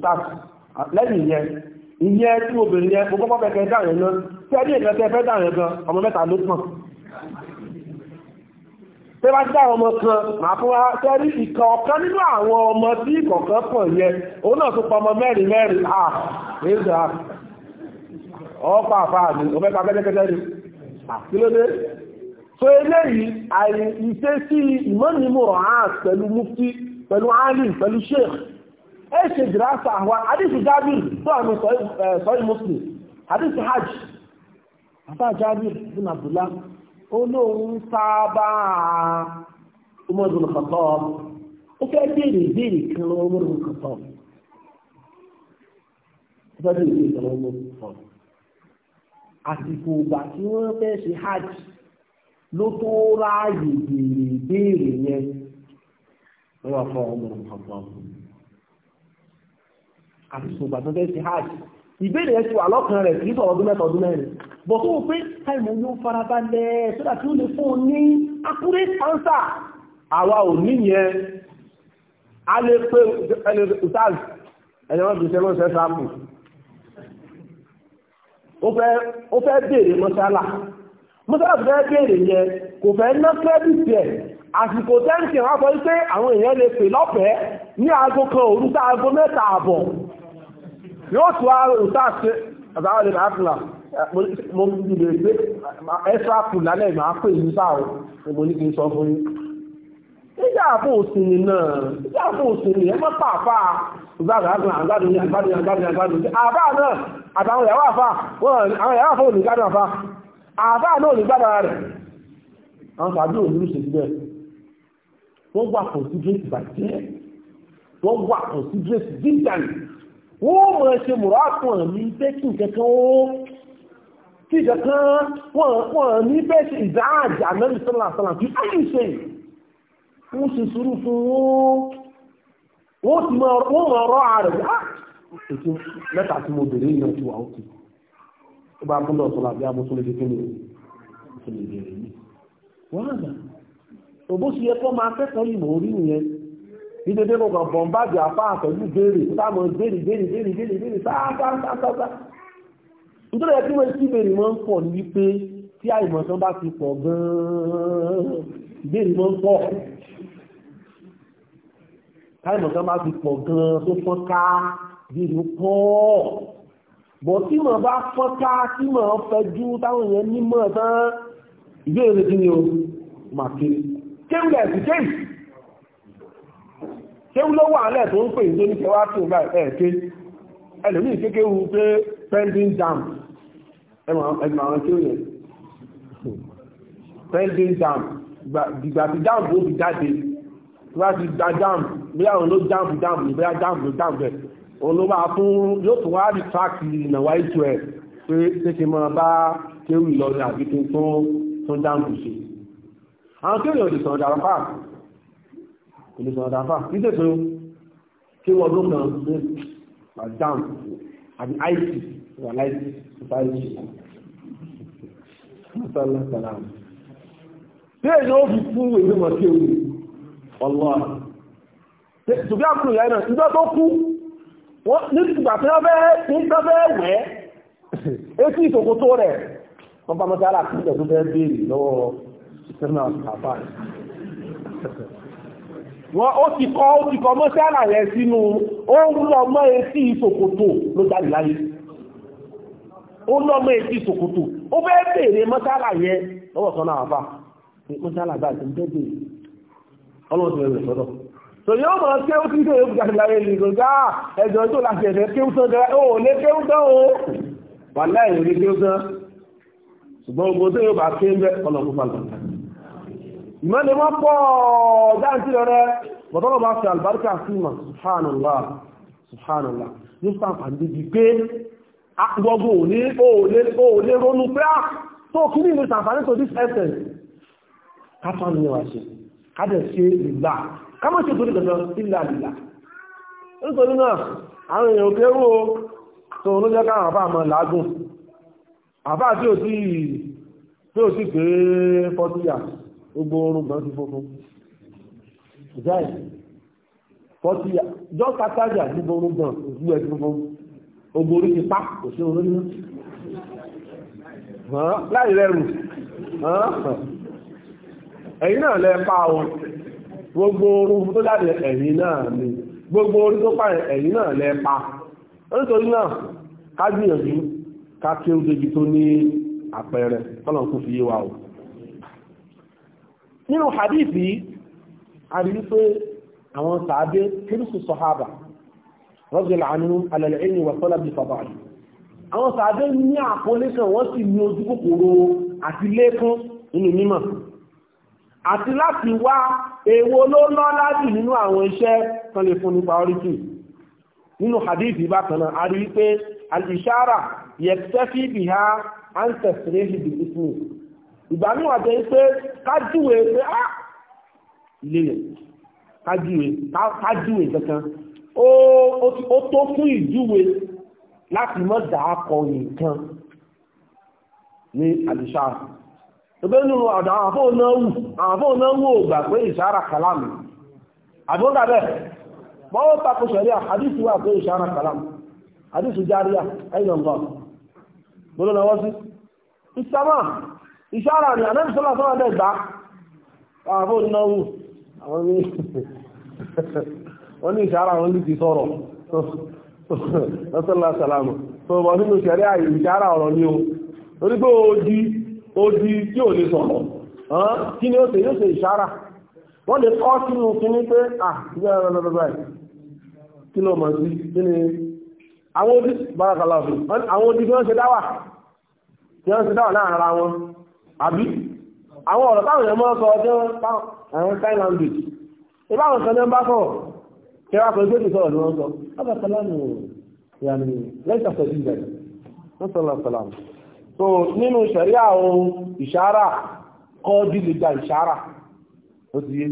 sáà lẹ́yìn ìyẹn ìyẹn tí obìnrin yẹn mo kọ́kọ́ fẹ́kẹ́ náà tí ẹni ìrẹsẹ̀ fẹ́ dáhùn gan ọmọ mẹ́ta ló pọ̀. tí wọ́n ti ọmọ kan màá fún wa sẹ́rí ìkan ọ̀kan nínú àwọn ọmọ tí ìkọ̀ọ̀kan pọ̀ yẹn òun náà tó pa ọmọ mẹ́rin mẹ́rin à ah, ọ̀pá àfáà ní ọ̀fẹ́ pàbẹ́lẹ́kẹ́lẹ́ rí àkílódé tó yìí àyè ìṣe sí ìmọ́nìmọ̀ ràn pẹ̀lú mufti pẹ̀lú alim pẹ̀lú sheikh ẹ ṣe jìrásà àwọn àdìsí jábìr tó àmì sọ́yí muslim àdìsí kan lọ́wọ́ kan àsìkò ìgbà tí wọ́n fẹ́ ṣe hajj ló tó ráàyè béèrè ìbéèrè yẹn wọ́n wà fún ọmọ ọ̀gbọ̀n àsìkò ìgbà tó fẹ́ ṣe hajj ìbéèrè yẹn ti wà lọ́kàn rẹ̀ kì í sọ̀rọ̀ ọdún mẹ́ta ọdún mẹ́rin bọ̀ tó pé táìmù ló farabalẹ̀ sódà tí ó lè fún un ní accurate answer àwa ò ní yẹn a lè pé ẹni ìsáàlì ẹni wọ́n fi ṣe lọ́sẹ̀ sáàpù ó fẹ́ béèrè mọ́sálà mọ́sálà tó fẹ́ béèrè yẹn kò fẹ́ ná kírẹ́dìtì ẹ̀ àsìkò tẹ́ǹtì wọn sọ pé àwọn èèyàn lè pè lọ́fẹ̀ẹ́ ní aago kan òru tá aago mẹ́ta àbọ̀ yóò tún ara òun tá a ṣe àbáwọ̀ lè máa fún wa mo lè gbé ẹ́sà kù lálẹ́ ìmọ̀ àpò ìlú sáà mo ní kí n sọ fún yín níyà àbò òsìnì náà níyà àbò òsìnì ẹ mọ́pà àfà ìgbàgbàgbà àgbàdo ní àgbàdo ní àgbàdo ní àgbàdo ní àbá náà àtàwọn ìyàwó àfà àwọn ìyàwó àfà olùgbàdàn àfà àbá náà olùgbàdàn rẹ̀ àwọn tàbí òlúrú ṣe síbẹ̀ wọ́n wà considerate bàjẹ́ wọ́n wà considerate dídàní wọ́n mọ̀ ṣe mọ̀rọ̀ àpọ̀n ní pé kí nǹkan kí nǹkan wọ́n ní bẹ́ẹ̀ ṣe ìdáàjà mẹ́rin sọ́lá sọ́lá kí á yìí ṣe yìí ń ṣe sùúrù fún wọ́n ti mọ̀ ọ̀rọ̀ ààrẹ̀ ètò mẹ́ta tí mo bèèrè ìyàn ti wà ó ti ó bá kúndọ̀ sọ́lá bí abúsùn lè kékeré rẹ̀ tó lè bèèrè yìí wọ́n àgbà òbó sì yẹ kọ́ máa kẹ́kọ̀ọ́ ìmọ̀ orí nìyẹn ní dédé mo kàn bọ̀m̀bá jù apá àtọ̀jú béèrè ìbéèrè mọ́ ń pọ̀ táìmù kan bá ti pọ̀ gan tó fọ́n ká bíi pọ́ bọ̀ tí mo bá fọ́n ká tí mo fẹjú táwọn èèyàn nímọ̀ tán ìbéèrè kí ni o mà kiri kéwìlẹ̀ sí kéwì kéwì ló wà lẹ̀ tó ń pè ní tóní kẹwàá tó bá ẹ̀ ké ẹlòmíì kékeré pé pending dam ẹ̀mọ̀ àwọn kéwì yẹn pending dam ìgbà tí dam bó fi jáde láti gba jáàmù bí àwọn ló jáàmù jáàmù bí i jáàmù ló jáàmù rẹ̀ òun ló máa fún yóò tún wá rí tíráàkì ìnáwó ètò ẹ̀ pé tẹ́kì máa bá kéwì lọ́rin àbí kí n tó tó jáàmù ṣe àwọn kéwì ò lè sọ̀rọ̀ dàrápà kò lè sọ̀rọ̀ dàrápà nígbà tó kí wọ́n ló kàn ní àjáàmù àbí àìsí wà láìsí ìfàìsí Bí èyí ó fi fún ìwé mọ̀ kéwì ọlọ́run ṣùgbọ́n àbúrò ìyá náà ìjọ tó kú nígbà tí wọ́n fẹ́ wẹ́ etí ìtòkótó rẹ̀ wọ́n bá mọ́tí aláàkílẹ̀ tó fẹ́ béèrè lọ́wọ́ ìsinmi àpá wọ́n ó ti kọ́ ó ti kọ́ mọ́tí aláàrẹ̀ sínú ó lọ mọ́ etí ìtòkótó ló jáde láyé ó lọ mọ́ etí ìtòkótó ó fẹ́ béèrè mọ́tí aláàrẹ̀ lọ́wọ́ sọ́nà àpá mọ́tí aláàrẹ̀ ọlọ́run ti rẹ̀ sọ́dọ̀ so yóò mọ̀ kí ó kíkẹ́ yóò gbà láyé ní gbogbo ẹjọ́ tó láti ẹ̀fẹ́ kí ó tán gẹ́rẹ́ ó lé kí ó tán o wà láì rí kí ó tán ṣùgbọ́n gbogbo tó yóò bá ké ń bẹ́ ọlọ́run fún falọ̀ ìmọ̀ ni wọ́n pọ̀ dáńtí rẹ̀ bọ̀tọ́lọ́ bá fi àlùbáríkà sí mọ̀ subhanallah subhanallah ní sáfà ní ibi pé gbogbo ò ní ó lè ronú pé ah, tó kí ní ìlú sàǹfààní to this essence káfà ní wàá ṣe kádẹ̀ ṣe ìgbà kámọ́ ṣe tó nìkan ìlà ìlà nítorí náà àwọn èèyàn òkè wó tó ló jẹ́ káwọn àbá àmọ́ làágùn àbá tí ò tí tí ò tí pé fọ́tíyà gbogbo orun gan ti fófún ìjáì fọ́tíyà jọ́ kátájà gbogbo orun gan ojú ẹ̀ ti fófún ogun orí ti pa kò sí orun nínú láì rẹrù ẹ̀yin náà lẹ pa o gbogbo orun tó jáde ẹ̀yin náà ni gbogbo orí tó pààyàn ẹ̀yin náà lẹ pa nítorí náà ká gbìyànjú ká kí ó débi tó ní àpẹẹrẹ tọ́lọ̀ kú fi yé wa o nínú hadith yìí a rí wípé àwọn sàábé kírísù sọ̀hábà rọ́gbẹ̀lá àánú alẹ́lẹ́ni wàtọ́lá bí bàbá rẹ̀ àwọn sàábé ní àpọ́lẹ́sàn wọ́n sì ní ojú kòkòrò àti lẹ́kún nínú mímọ̀ àti láti wá èwo ló lọ́ láti nínú àwọn iṣẹ́ kan lè fún ní priority nínú hadithi bákan náà a rí pé al-ishara yẹ̀tẹ́fì bìhá ancestry bí ismu ìgbàmí wà jẹ́ pé kájúwe pé á ah, lè kájúwe kájúwe kankan ó tó fún ìjúwe láti mọ́ dàákọ nìkan ní al-ishara ẹgbẹ́ nínú ọ̀dọ̀ àwọn afọ́ onáwó ògbà pé ìṣára kàlámù àbúgbàbẹ̀ wọ́n tako ṣẹ̀ríà àdísù wà pé ìṣára kàlámù àdísù járíà ẹ̀yọ̀ngọ̀ gbọ́lọ́lọ́wọ́ sí ìsàmà ìṣára ni àdẹ́bìsọ́lá sọ́rọ̀ dẹ̀ Odi, tí ò lè sọ̀rọ̀ kí ni ó ṣe yóò ṣe ìṣára wọ́n lè kọ́ sínú kíní pé ah ìgbẹ́ ẹ̀rọ kí ló mọ̀ sí kí ni àwọn odi barakala ọ̀fìn àwọn odi tí wọ́n ṣe dáwà tí wọ́n ṣe dáwà láàrin ara wọn àbí àwọn ọ̀rọ̀ táwọn èèyàn máa sọ ọjọ́ àwọn sign language ìbáwọn kan náà bá sọ̀rọ̀ kí wọ́n pẹ̀lú pé sọ̀rọ̀ ni wọ́n sọ ni ìyànnì lẹ́sà sọ̀rọ̀ ìgbà so nínú ṣẹ̀rí àwọn ìṣàrà kọ́ dìlì gba ìṣàrà ó ti yé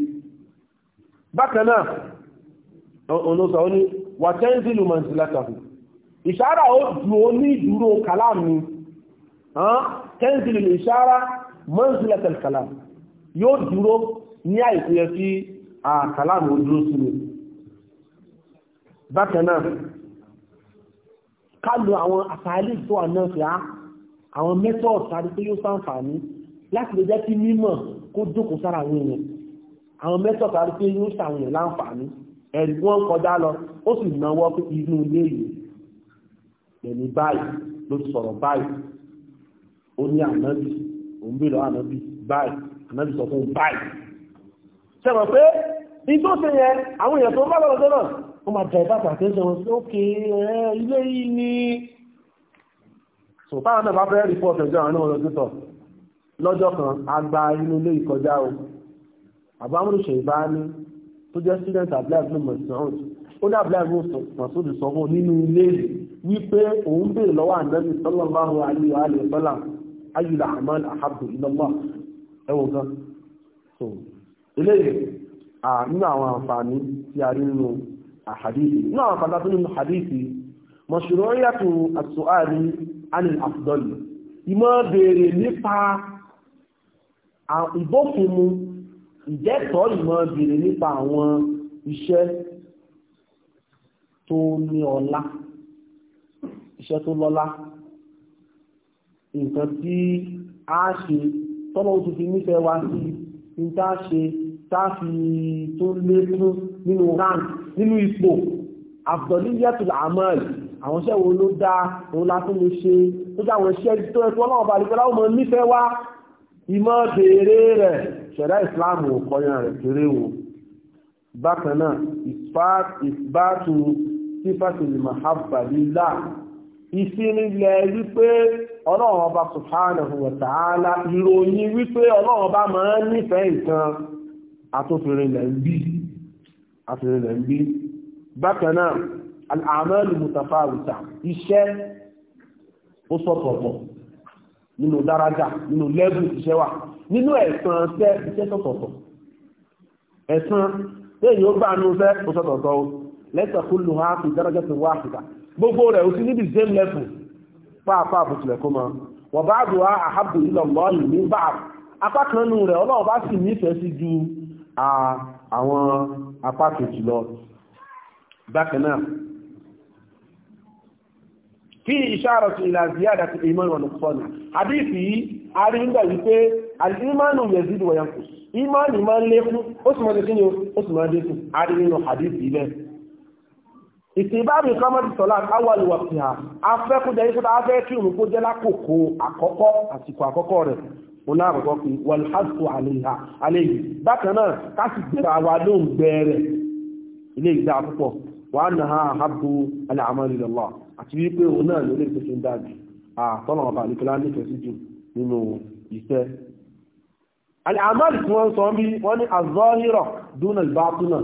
bákan náà olóòsà ó ní wàtẹ́ńsìlù mọ̀sílátàkù ìṣàrà ó ju ó ní ìdúró kàláàmù tẹ́ńsìlù ìṣàrà mọ̀sílátàkù kàláàmù yóò dúró ní àìsí yẹ sí àkàláàmù ó dúró sí mi bákan náà ká lo àwọn àtàlẹ́ ìtò àná fi á àwọn method tàbí pé yóò sàǹfààní láti lè jẹ́ kí mímọ̀ kó jókòó sára àwọn èèyàn àwọn method tàbí pé yóò sàwòyàn láǹfààní ẹ̀rí wọ́n kọjá lọ ó sì náwó pé inú ilé yìí ẹni báyìí ló ti sọ̀rọ̀ báyìí ó ní ànábì òun bèèrè ànábì báyìí ànábì sọ fún báyìí ṣẹ̀rọ̀ pé ìtò ṣe yẹ àwọn èèyàn tó bá lọ́wọ́ so táwọn náà bá fẹ́ report ẹjọ́ àwọn náà lọ́dún tọ̀ lọ́jọ́ kan a gba inú ilé ìkọjá o àbámúrúṣe ìbáni tó jẹ́ student abdullahi abdul masoud ó dá abdullahi abdul masoud sọ fún nínú ilé wípé òun béèrè lọ́wọ́ àǹdẹ́bí sallallahu alaihi wa alihi a'mal ahabbu ila ẹwọ gan so eléyìí nínú àwọn àǹfààní tí a rí nínú àhàdìsì nínú àwọn àǹfààní tó nínú àhàdìsì mashru'iyatu as-su'ali anil afdọ́lì ìmọ̀ béèrè nípa ìbófinmu ìjẹ́tọ́ ìmọ̀ béèrè nípa àwọn iṣẹ́ tó ní ọlá iṣẹ́ tó lọ́lá nǹkan tí a ṣe tọ́lọ́ oṣù ti nífẹ̀ẹ́ wa sí ní tá a ṣe tá a fi tó lékún nínú rank nínú ipò afdọ́lì yàtùl àmọ́lì àwọn iṣẹ́ wo ló dáa òun la tún lè ṣe tó dáwọn iṣẹ́ tó ẹ̀kọ́ ọlọ́run bá nípa láwọn ọmọ nífẹ̀ẹ́ wá ìmọ̀ béèrè rẹ̀ ṣẹ̀dá ìsìláàmù ò kọyàn rẹ̀ kéré wò bákan náà ìsbátu sífàtìlì mahabbalila ìsinilẹ̀ wípé ọlọ́run ọba subhanahu wa ta'ala ìròyìn wípé ọlọ́run ọba máa ń nífẹ̀ẹ́ ìkan atófinrin lẹ̀ ń bí bákan náà àmọ́lù mùtàfàwùtà iṣẹ́ ó sọ̀tọ̀ọ̀tọ̀ nínú dáradà nínú lẹ́bù iṣẹ́ wà nínú ẹ̀san tẹ́ iṣẹ́ sọ̀tọ̀ọ̀tọ̀ ẹ̀san lẹ́yìn ó bá nú fẹ́ ó sọ̀tọ̀ọ̀tọ̀ o lẹ́sẹ̀ kó lù hàn fi dáradà tó wá àfìkà gbogbo rẹ̀ ó sì níbi same level pàápàá àbùtìlẹ̀ kó mọ wọ́n bá dùn á àhábù ilẹ̀ ọ̀lọ́ọ̀lù ní bá apá kan nù rẹ̀ ọlọ́run bá sì nífẹ̀ẹ́ sí ju àwọn apá kejì lọ bákan náà fi ishara ìlà ziyada ti iman wa hadithi yìí a al'imanu yazidu wa yankus imani ma ń lékún ó sì mọ́dé a hadithi ile ìsìnbábi kọ́mọ́dé sọ́lá awàlù wà fi hà afẹ́kúnjẹ yìí sọ́dá lákòókò àkọ́kọ́ àsìkò àkọ́kọ́ rẹ̀ ọlá àkọ́kọ́ pé àléyìí bákan náà ló àti wípé òun náà ló lè tó ṣe ń dájú àtọ́nà ọba àlekọ́lá nífẹ̀ẹ́ sí jù nínú iṣẹ́ àmàlì tí wọ́n sọ bí wọ́n ní azọ́hírọ̀ dúnà ìbátúnà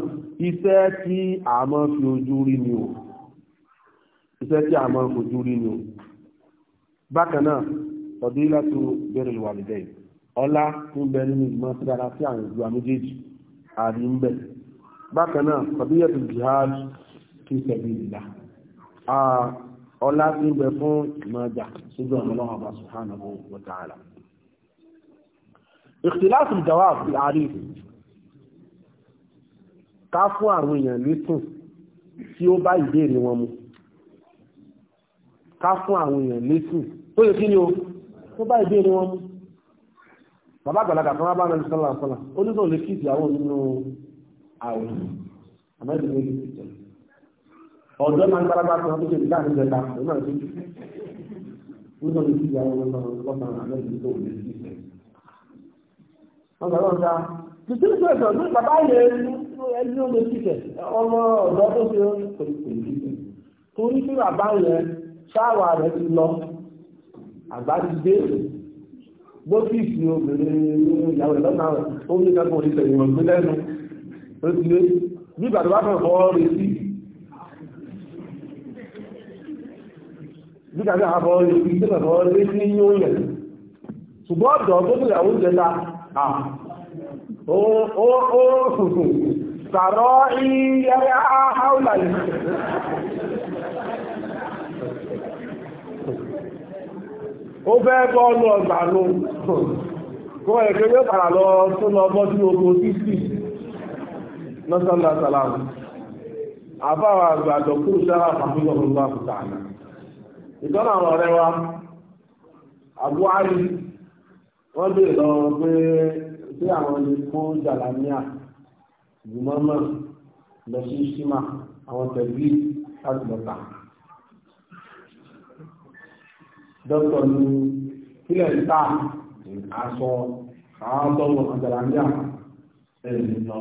iṣẹ́ tí a máa fi ojú rí ni o iṣẹ́ tí a máa fi ojú rí ni o bákan náà ọdún ìlàtú bẹ̀rẹ̀ ìwàlẹ̀dẹ̀ ọlá tó ń bẹ nínú ìgbìmọ̀ sí dára sí àwọn ìgbìmọ̀ méjèèjì àrí ń bẹ bákan náà ọdún ìyẹ̀tù jihad kí sẹ̀bí ìlà ọlá tí ń bẹ fún ìmọ̀ọ́jà síjú ọ̀nà ọlọ́run ọba subhanahu wa ta'ala ìkìláàsì ìjọwà fi àárín ká fún àwọn èèyàn létùn tí ó bá ìbéèrè wọn mu ká fún àwọn èèyàn létùn tó yẹ kí ni o tó bá ìbéèrè wọn mu bàbá àgbàlagbà kan wá bá nàìjíríà sọlá sọlá ó lè kí ìyàwó nínú àwẹ̀ àmọ́ ìdílé ní ìjọba ọ̀dọ́ máa ń gbáragbá tó wọn tó ṣe ìdá àdúgbò ẹ̀ta ló máa ń ṣe ń sọ ìdí ìyá wọn lọ lọ́sàn án lẹ́yìn tó lè ṣe ìṣẹ́. wọ́n gbà lọ́nà títí tó ẹ̀sọ̀ ní bàbá yẹ ẹni ó lè ṣiṣẹ́ ọmọ ọ̀dọ́ tó ṣe kò ní ṣiṣẹ́ torí tí bàbá yẹ ṣáàwà rẹ̀ ti lọ àgbà ti dé gbókìsì obìnrin ìyàwó ẹ̀ lọ́nà ó ní kankan òṣìṣẹ́ ìwọ̀n gbé lẹ́nu ó ti lé bí bàbá bá fẹ́ fọ́ retí nígbàtí àbọ̀ ìrìnkí tí bàbá rí sí yóò yẹ̀ ṣùgbọ́n ọ̀dọ̀ tó ti yàwó jẹta ó sàrọ̀ ìyẹ́ àháùlà yìí ó fẹ́ bọ́ ọlọ́ ọgbàánú kó ẹ̀kẹ́ yóò pàrà lọ tó lọ bọ́ sí ogun títì lọ́sánlá sàlámù àbáwà àgbàdọ̀ kúrò sára pàtó lọ́wọ́ náà ìtọ́nà àwọn ọ̀rẹ́ wa àbúhárí wọ́n bèèrè lọ pé tí àwọn lè kó jàlámíà jùmọ́mọ́ lọ sí símà àwọn tẹ̀lé láti lọ́ta dọ́kítọ̀ ní kílẹ̀ níta aṣọ àwọn tọ́wọ́ jàlámíà ẹ̀rìn lọ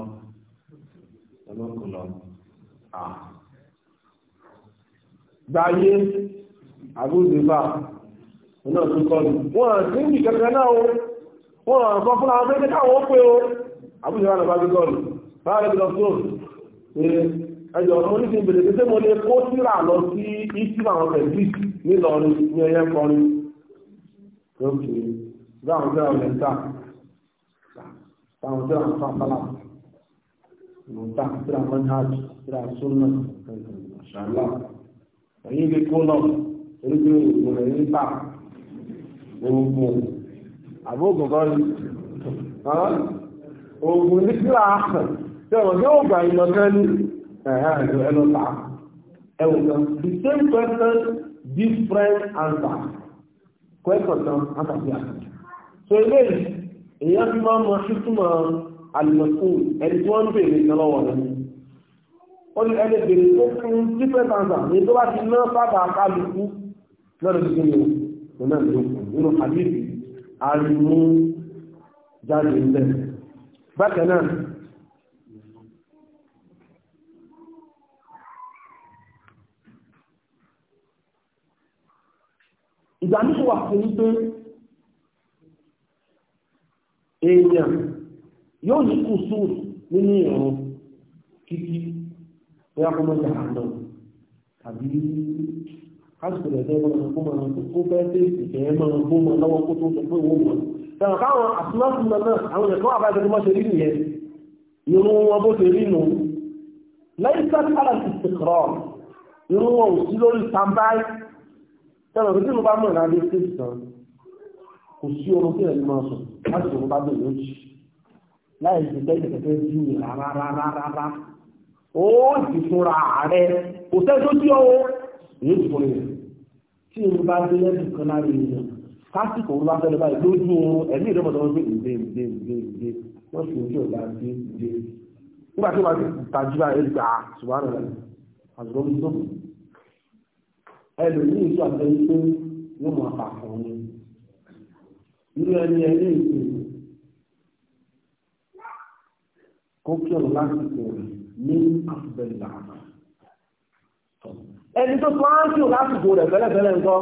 ẹ̀lọ́kùn lọ gbáyé àbúrúdébà náà tó kọlù wọ́n àti ní ìkẹ́kẹ́ náà o wọ́n àkọ́ fún àwọn akẹ́kẹ́ káwọn pé o àbúrúdébà náà bá gbé kọlù báyà lẹ́bi lọ fún ẹjọ mo ní kí n bèrè pé mo lè kó síra lọ sí ìtura àwọn pẹ̀lú nílọrin ní ẹyẹ kọrin lókè báwọn síra mẹ́ta báwọn síra fàfàlà mọta síra manhaj síra sunna ṣàlá ẹ̀yìn lè kó náà torí pé oògùn rẹ̀ ní bá oògùn àbóògùn kan rí oògùn ní sílá tẹ̀wọ̀n tí ó gbà ìmọ̀ kan ní ẹ̀hẹ́ ẹ̀lọ́ ta ẹ̀wọ̀n kan the same question different answer question kan answer bí so ilé èèyàn fi máa ń mọ ṣíṣúmọ̀ àlùmọ̀kù ẹni tí wọ́n ń bèèrè kan lọ́wọ́ rẹ̀ ó ní ẹni bèèrè tó fún different answer ní tó bá ti ná sábà kálukú lọ́dọ̀ tó kíni òun náà ló kù jáde ń bẹ̀. bákan náà wà fún pé èèyàn yóò ní kù sùn nínú ìrún kíkí tàbí kásìkò rẹ̀ fẹ́ máa kó máa kó fẹ́ tèèsì fẹ́ máa kó máa lọ́wọ́ kó tó sọ pé wọ́n mọ̀. Sọ̀rọ̀ káwọn àtúnlọ́sùnlọ náà àwọn ẹ̀kọ́ àbájọ tó máa ṣe rí nìyẹn. Irun wọn bó ṣe rí nù. Lẹ́yìn sáré kálá ti sèkọ̀rọ̀. Irun wọn ò sí lórí sàmbáì. Sọ̀rọ̀ pé tí mo bá mọ̀ náà dé sí ìsàn. Kò sí orun tí ẹ̀mí máa sùn láti òun bá bẹ̀rẹ̀ lójì. Láì sì tẹ́lẹ̀ kẹ́kẹ́ sí mi rárá. Ó ti fúnra ààrẹ. Kò sẹ́ tí o bá dé lẹ́dùn kan lára èèyàn kásìkò ń bá tẹ́lẹ̀ báyìí lójú oorun ẹ̀mí ìdọ́mọ̀tọ́ wọn gbé ìdè ìdè ìdè ìdè wọ́n sì ń jẹ́ ọ̀gá dé dé nígbà tí wọ́n ti tajú báyìí ẹ̀dùn àá ṣùgbọ́n àrùn àzùrọ̀ ń tó ẹlòmíì ìṣó àtẹ̀yìn pé yóò mọ àpapọ̀ ni irú ẹni ẹni ìpè kó kí ọ̀rọ̀ lásìkò rẹ̀ ní àfẹ́lẹ́ àmà tọ̀tọ̀ ẹni tó tún á ń kí o lásìkò rẹ̀ fẹ́lẹ́fẹ́lẹ́ nǹkan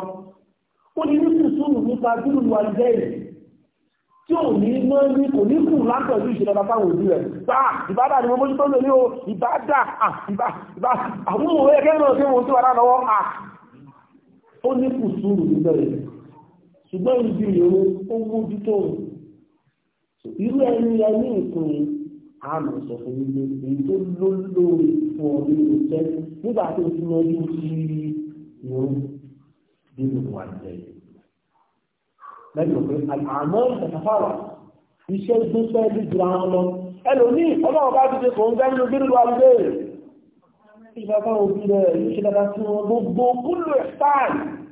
ó ní ní sùsùrù nípa dúró wa lẹ́yìn tí ò ní mọ́ ní kò ní kù látọ̀jú ìṣẹ̀lẹ̀ bàbá òjú rẹ̀ bá ìbádà ni mo mójú tó lè ní o ìbádà àwọn òwe ẹgbẹ́ náà tí wọ́n tí wà lọ́wọ́ à ó ní kù sùúrù níbẹ̀ rẹ̀ ṣùgbọ́n ibi ìrò ó mójú tó irú ẹni ẹni ìpín a máa sọ fún yín pé èyí tó lólóore fún ọ ní ìṣẹ́ nígbà tó ti lọ bí ti ìrún nínú wà jẹ́ lẹ́yìn pé àmọ́ ìṣẹ̀fàwà iṣẹ́ gbéṣẹ́ bí jura wọn lọ ẹlòmíì ọlọ́run bá ti ṣe kò ń gbẹ́ nínú bírúwà lóore ìṣẹ́fà òbí rẹ̀ ìṣẹ́fà tí wọn gbogbo kúlù ẹ̀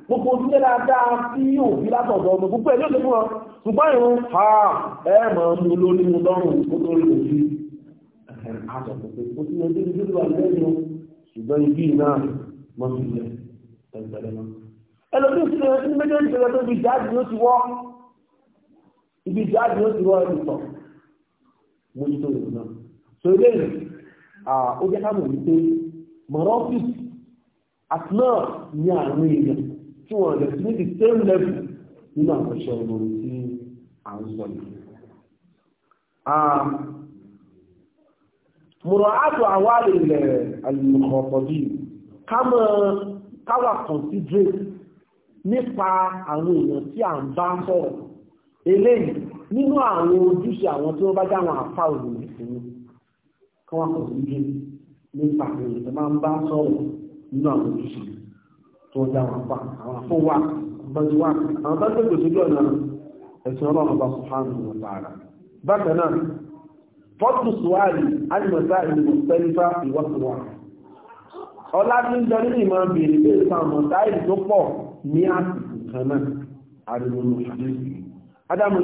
gbogbo ojúlé dáadáa tí òbí látọ̀dọ̀ ọmọ gbogbo ẹ̀ lóde fún ọ ṣùgbọ́n ìrún ha ẹ mọ̀ ń mú lórí mu lọ́rùn kó tó rí òbí àtọ̀tọ̀ pé ó ti lọ́dún ìdílé wà lẹ́yìn ṣùgbọ́n ibi náà mọ́ sí ilẹ̀ ẹgbẹ̀rẹ̀ náà ẹlòmíì ti lọ sí méjèèjì tó lọ sí ibi jáde ló ti wọ́ ibi jáde ló ti wọ́ ẹni sọ mójútó ìlú náà so eléyìí ó jẹ́ ká mọ̀ wípé mọ̀rọ́fíìsì àtúnáà ní àárín èèyàn tí wọ́n lè ní the same level nínú àkọ́ṣẹ́ ọmọ tí à ń sọ yìí. Ah, mùrọ̀ àtọ̀ àwárí ilẹ̀ àlùmọ̀kọ̀ bí káwà considerate nípa àwọn èèyàn tí à ń bá sọ̀rọ̀ eléyìí nínú àwọn ojúṣe àwọn tí wọ́n bá dáwọn àfá òun ìsinmi káwà considerate nípa àwọn èèyàn tí wọ́n bá sọ̀rọ̀ nínú àwọn ojúṣe tó dá wọn pa àwọn afọ wa gbọ́dọ̀ wa àwọn bá gbẹgbẹ sójú ọ̀nà ẹ̀sìn ọlọ́run bá subhanahu wa ta'ala bákan náà fọ́tù sùwárì alìmọ̀sá ìlúmọ̀sẹ́lífà ìwọ́sùwà ọlá tí ń jọ nínú ìmọ̀ bèèrè pé ìsànmọ̀ táìlì tó pọ̀ ní àsìkò kan náà àrùnrùn àdéhùn adamu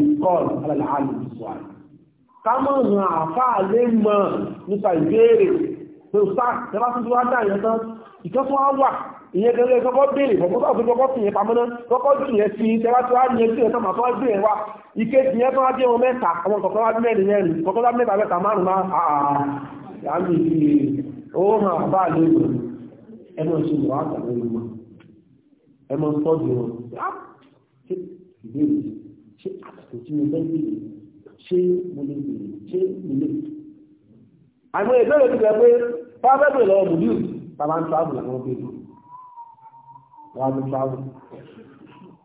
ìkọl alàlàálù sùwárì kámọ̀nù àfáà lè mọ̀ nípa ìbéèrè pé sáà tẹ́lá tuntun wá dá ìyẹn tán ìkẹ́kọ̀ọ́ wà ìyẹn gẹ́gẹ́ kọ́kọ́ béèrè fún kọ́kọ́ fún kọ́kọ́ fìyẹn pamọ́ náà kọ́kọ́ sí tẹ́wá tí wàá yẹn sí ẹ̀ sọ́mà tọ́wọ́ gbé jẹ́ wọn mẹ́ta àwọn kọ̀ọ̀kan wá mẹ́rin yẹn rìn kọ̀ọ̀kan wá mẹ́ta mẹ́ta márùn-ún máa àà yàmi owó hàn bá lè lò ẹ sí ìwà àtàwọn ẹni ẹ mọ̀ tọ́jú wọn àtàkùn tí mo bẹ́ẹ̀ béèrè ṣé mo lè béèrè ṣé mo lè. àmọ́ ìbéèrè ti gbẹ pé fáfẹ́ bèrè lọ́wọ́ mùdíù bàbá ń tọ́ àbùlà wọn béèrè wà ló sáwọ́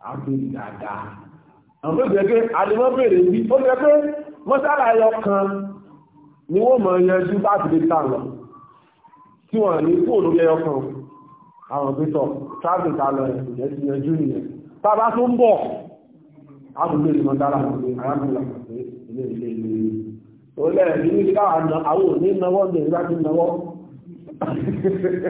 àbèrè dáadáa àwọn tó àdìmọ́ bèrè bí ó jẹ́ pé mọ́sálà ẹyọ kan ni wọ́n mọ̀ yanjú bá ti lè tàn lọ tí wọ́n ní kú òlórí ẹyọ kan àwọn pẹ̀tọ̀ tráfík alọ ìyẹn ti yanjú nìyẹn bàbá tó ń bọ̀ àbúgbé ìmọ̀ dára àrábìnrin ilé ilé ilé olè ní káwọn àwọn òní náwó ń bèrè láti náwó [LAUGHS]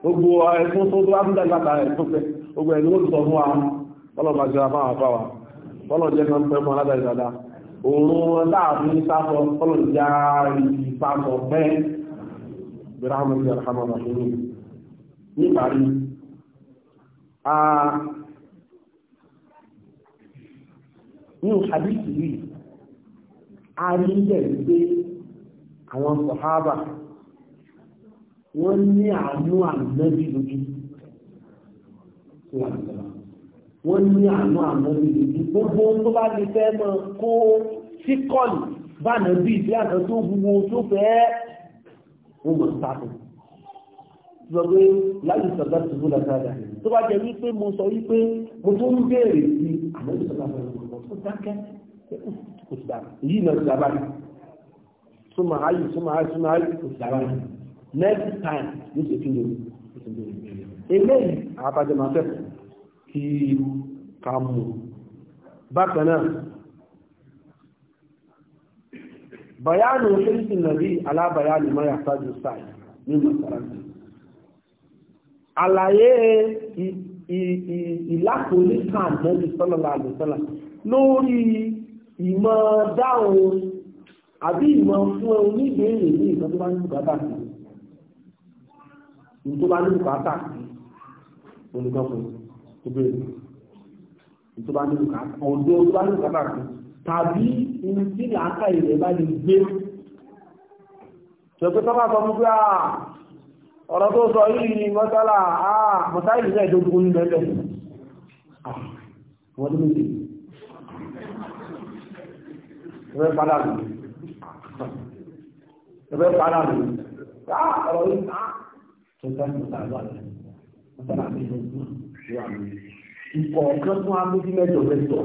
gbogbo ẹ̀sùn tó tó ápùdá ìgbàta ẹ̀sùn pẹ́ gbogbo ó sọ fún wa bọ́lọ̀bà jẹra fáwọn àfáwà bọ́lọ̀ kan pẹ́ mọ́ aládà òun láàrin pẹ́ a àwọn sọ̀hábà wọ́n ní àánú ànábì lójú wọ́n ní àánú ànábì lójú gbogbo tó bá lè fẹ́ mọ́ kó síkọ̀lù bá nàbí ìdí àná tó wúwo tó fẹ́ wọ́n mọ̀ sáàtọ̀ sọ pé láyé sọ̀dá tó wúlọ sáàdà tó bá jẹ wípé mo sọ wípé mo tó ń béèrè sí ànábì sọ̀dá tó wúlọ tó dákẹ́ next time ní ṣe kí ni eléyìí àtàjẹmọ́fẹ́ kí ká mú bákan náà bayanu hirsin nabi ala bayani ma yahtaju sa'i min masarati àlàyé ìlàkùnrin kan nabi sallallahu alaihi wasallam lórí ìmọ̀ dáhùn àbí ìmọ̀ fún oníbèérè ní ìkan tó bá ń bùkátà sí i ní tó bá ní bùkátà olùkọ́ fún tó bèèrè ní tó bá ní bùkátà ọ̀dọ́ tó bá ní bùkátà fún tàbí ní tí làákà ilẹ̀ bá lè gbé ṣẹ̀pẹ́ tó bá sọ fún pé à ah, ọ̀rọ̀ tó sọ yìí ni mọ́sálà à ah, mọ́sálà ìlú ẹ̀dógún ní mẹ́lẹ̀ ah, wọ́n tó méjì ẹ̀fẹ́ padà lù padà ìkọ̀ọ̀kan fún amójú mẹ́jọ mẹ́jọ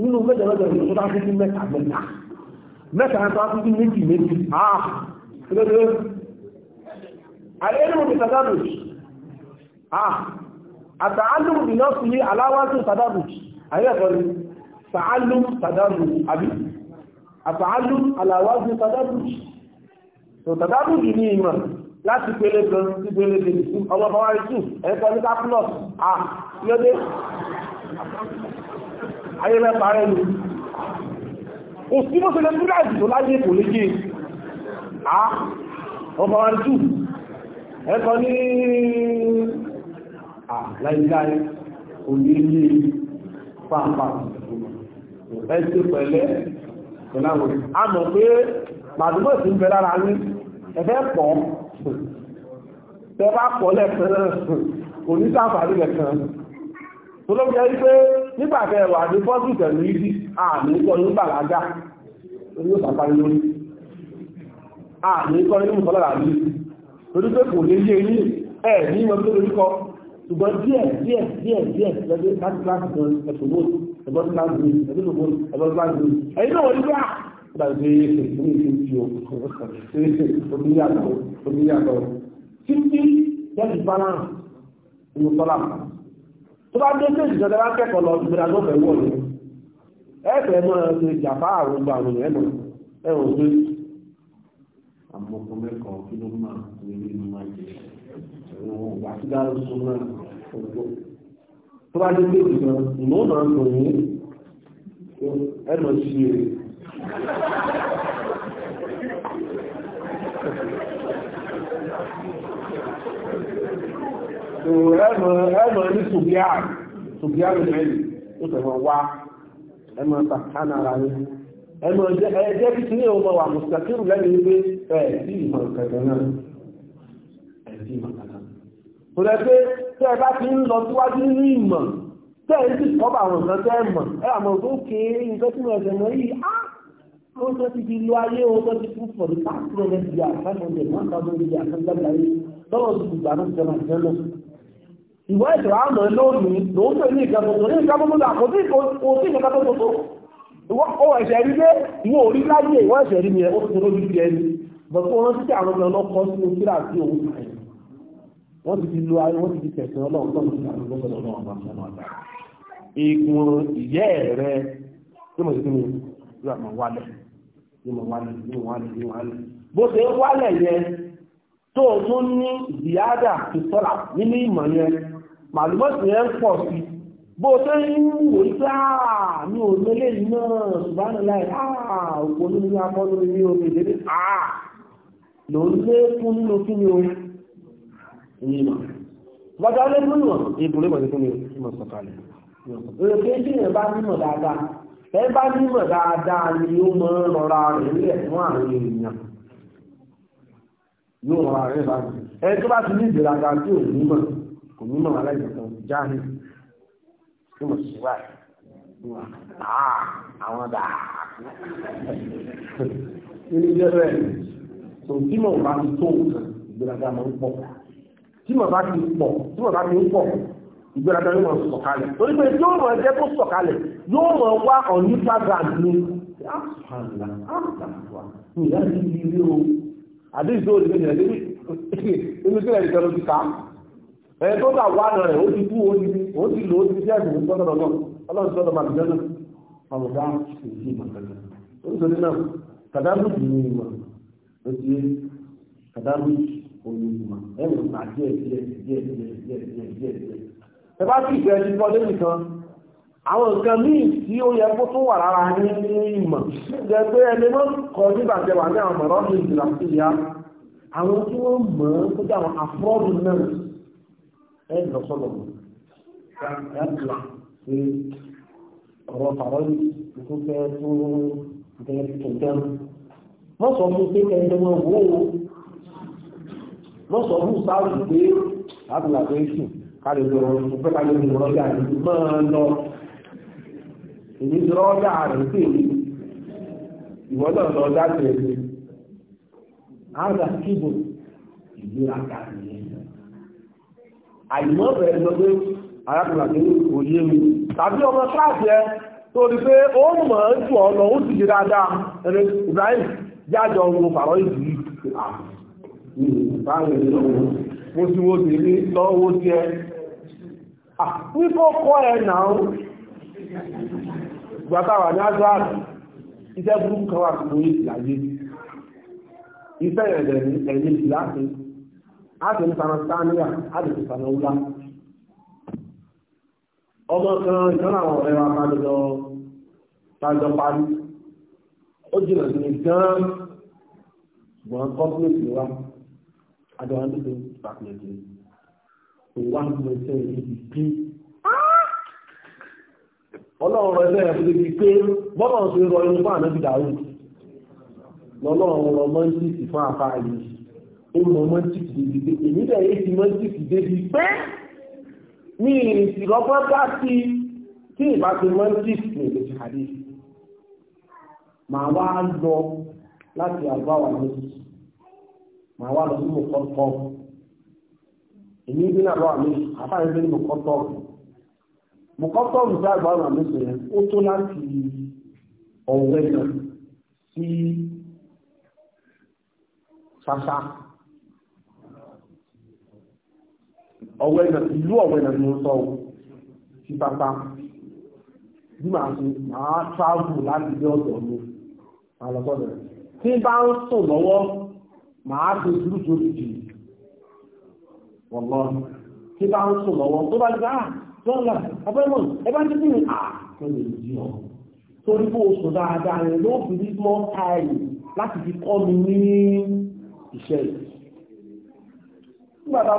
nínú mẹ́jọ mẹ́jọ ìlú tó dákú sí mẹ́ta mẹ́ta mẹ́ta ń tọ́kú sí méjì méjì àà lẹ́lẹ́ àyẹ́lùmù bí sàdánùjì àà àtàálùmù bí lọ́ sí aláwátù sàdánùjì àyẹ́kọ̀ọ́lù sàálùmù sàdánùjì àbí àtàálùmù aláwátù sàdánùjì láti pele gan sí pele gan sí ọlọ́pàá wáyé tù ẹ̀kọ́ ní kápúlọ̀s à lóde ayé mẹ́ta rẹ̀ ni kò sí bó ṣe lè múlá ìdìbò láyé kò lè jẹ́ à ọlọ́pàá wáyé tù ẹ̀kọ́ ní à láyéláyé kò lè jẹ́ pàápàá ẹ̀ṣẹ̀ pẹ̀lẹ́ pẹ̀láwọ̀ àmọ̀ pé màdúgbò sí ń bẹ lára ní ẹ̀fẹ́ pọ̀ tẹ́bá pọ̀ lẹ́ẹ̀kan náà kò ní sáfàrí lẹ́ẹ̀kan tó ló jẹ́ wípé nígbàtẹ́ wà ní fọ́sù pẹ̀lú ìdí àmì ìkọ́ ní bàlágà lórí ó sàpá lórí àmì ìkọ́ nínú ìkọ́lára mi torí pé kò lè yé yín ẹ̀ ní ìmọ̀ tó lórí kọ ṣùgbọ́n díẹ̀ díẹ̀ díẹ̀ díẹ̀ lẹ́gbẹ́ láti láti gan ẹ̀sùnmọ́ ẹ̀gbọ́n tó láti gbé ẹ̀gbọ́n tó gbé ẹ̀gbọ́n tó láti gbé ẹ̀yìn oníyàtọ̀ títí tẹ́lì balance inú sọ́lá tó bá dé sí ìjọba bá kẹ́kọ̀ọ́ lọ ìgbéra ló fẹ́ wọ̀ ní ẹ̀fẹ̀ mọ́ ẹ̀sùn ìjàpá àrùn gba àwọn ẹ̀mọ́ ẹ̀rùn pé àmọ́kọ́ mẹ́kọ̀ọ́ kí ló máa ní nínú máa jẹ ẹ̀rùn wà sí dáa sún náà tó bá dé sí ìjọba ìmọ̀ náà ẹ̀mọ̀ ní ṣùgbíà ṣùgbíà mẹ́rin ó tẹ̀mọ̀ wá ẹmọ sàkánà ara ní ẹmọ ẹjẹ́ kí tí ní ọmọ wà mùsùlùmí lẹ́nu wípé ẹ̀ sí ìmọ̀ kẹ̀kẹ́ náà ẹ̀ sí ìmọ̀ kẹ̀kẹ́ náà. kò lẹ́ pé tẹ́ ẹ bá ti àwọn tó ti di lo ayé wọn tó ti kú pọ̀ ní káàkiri rẹ̀ di àkànnà rẹ̀ wọ́n tàbí orí àkànlẹ́gbà yìí lọ́wọ́ ti dùgbà náà jẹ́ máa jẹ́ lọ. ìwọ ìtura àmọ́ lónìí ló ń pè ní ìkan tuntun ní ìkan tuntun náà kò sí ìkan tó tuntun. ìwọ ọ ẹ̀ṣẹ̀ rí dé ìwọ orí láyé ìwọ ẹ̀ṣẹ̀ rí yẹn ó ti tó lójú ẹni. bọ̀dọ̀ wọn ti àwọn ọmọ ọlọ́kọ sí ojú àti òun wọ́n ti di lo ayé wọ́n ti di tẹ̀sán ọlọ́run tó ń ní mo wálẹ̀ ní mo wálẹ̀ ní mo wálẹ̀ bó ṣe ń wálẹ̀ yẹn tó o tún ní ìyáàdà tó sọ́ra nínú ìmọ̀ yẹn màlúmọ́sì yẹn ń pọ̀ sí bó o ṣe ń wò ó sá mi ò lélẹ̀ yìí náà ṣùgbọ́n láì òkú olómi ní akọ́ lórí ní omi ìdílé ló ń lé fún nínú kí ni o ìmọ̀ gbọ́dọ̀ lé fún ìmọ̀ ìbúrẹ́ mọ̀ fún mi ìmọ̀ sọ̀kalẹ̀ ìrèké tí èèyàn bá nímọ̀ dáadáa ẹ nímọ̀ dáadáa ni ó máa ń rọra rẹ̀ nílẹ̀ fún àwọn èèyàn yóò rọra rẹ̀ báyìí ẹ tó bá ti ní ìgbéraga tí ò nímọ̀ kò nímọ̀ aláìsàn jáde tí mo sì wà àwọn dàá nínú ilé rẹ̀ tó tí mo bá ti tó ìgbéraga máa ń pọ̀ tí mo bá ti pọ̀ tí mo bá ti ń pọ̀ ìgbéraga yóò máa sọ̀kalẹ̀ torí pé yóò máa jẹ́ kó sọ̀kalẹ̀ yóò máa wá ẹbá sì fẹ́ ti kọ́ lórí kan àwọn nǹkan míì tí ó yẹ kó tó wà lára ní ìmọ̀ jẹ́ pé ẹni mọ́ kọ nígbà jẹ wà ní àwọn ọ̀rọ̀ ní ìjìlá sí ìyá àwọn tí wọ́n mọ̀ ọ́n tó jẹ́ àwọn afọ́ọ̀dù náà ẹ lọ sọ́dọ̀ ẹ̀ẹ́dùlà pé ọ̀rọ̀ fàrọ́lì tó fẹ́ tó bẹ́ẹ̀ tuntun wọ́n sọ fún pé ẹni mọ́ wò wọ́n sọ fún sáà pé àbùlà pé sùn kálùlọ ọ̀pẹ́ kálùlọ rọ́jà àìmọ́ bẹ̀rẹ̀ lọ pé arákùnrin àti òye mi tàbí ọmọ kíláàsì ẹ tó rí pé ó mọ̀ ń tù ọ ó sì ṣe dáadáa ẹni Ibrahim jájọ ohun fàrọ̀ ìdí Ah, ní kó kọ́ ẹ̀ náà gbàtàwà ní azari iṣẹ́ burúkú kan wà fún ìsìláyé iṣẹ́ ẹ̀rẹ̀ ẹ̀yìn ìsìláṣe láti ní sanastania láti fi sanawula ọmọ kan ìtọ́nà àwọn ọ̀rẹ́ wa kájọ kájọ parí ó jìnà sí gan gbọ̀n kọ́pílẹ̀tì wa àjọ wọn tó kò wá nínú ẹsẹ̀ ibi pé ọlọ́run rọ ẹsẹ̀ ẹ̀fọ́ ibi pé bọ́lá ń ṣe rọ inú fún ànábì dàrú lọ́lọ́run rọ mọ́ńtìkì fún àfa yìí ó mọ mọ́ńtìkì débi pé èmi dẹ̀ yé ti mọ́ńtìkì débi pé mi ìsìlọ́gbọ́n dá sí tí ìbá ti mọ́ńtìkì ní ìlú èyí bí náà lọ́wọ́ mi àfáàrí pé mọ̀kọ́tọ́ọ̀mù mọ̀kọ́tọ́ọ̀mù tí àgbà ọ̀nà mẹ́sàn yẹn ó tó láti ọ̀wẹ́ náà sí ṣáṣá ọ̀wẹ́ náà ìlú ọ̀wẹ́ náà ni ó sọ sí pápá bí màá ṣe màá travel láti dé ọ̀dọ̀ mi màá lọ sọ́dọ̀ tí bá ń sùn lọ́wọ́ màá ṣe dúró sórí jìnnà wọ̀lọ́ tí bá ń sùn lọ́wọ́ tó bá gbá ah, lọ́la abẹ́mọ̀ ẹbá ti bí àkọ́ lè jí ah, ọ torí bó dáadáa rẹ̀ ló fi rí mọ́ táàlì láti fi kọ́ mi ní iṣẹ́ nígbà tá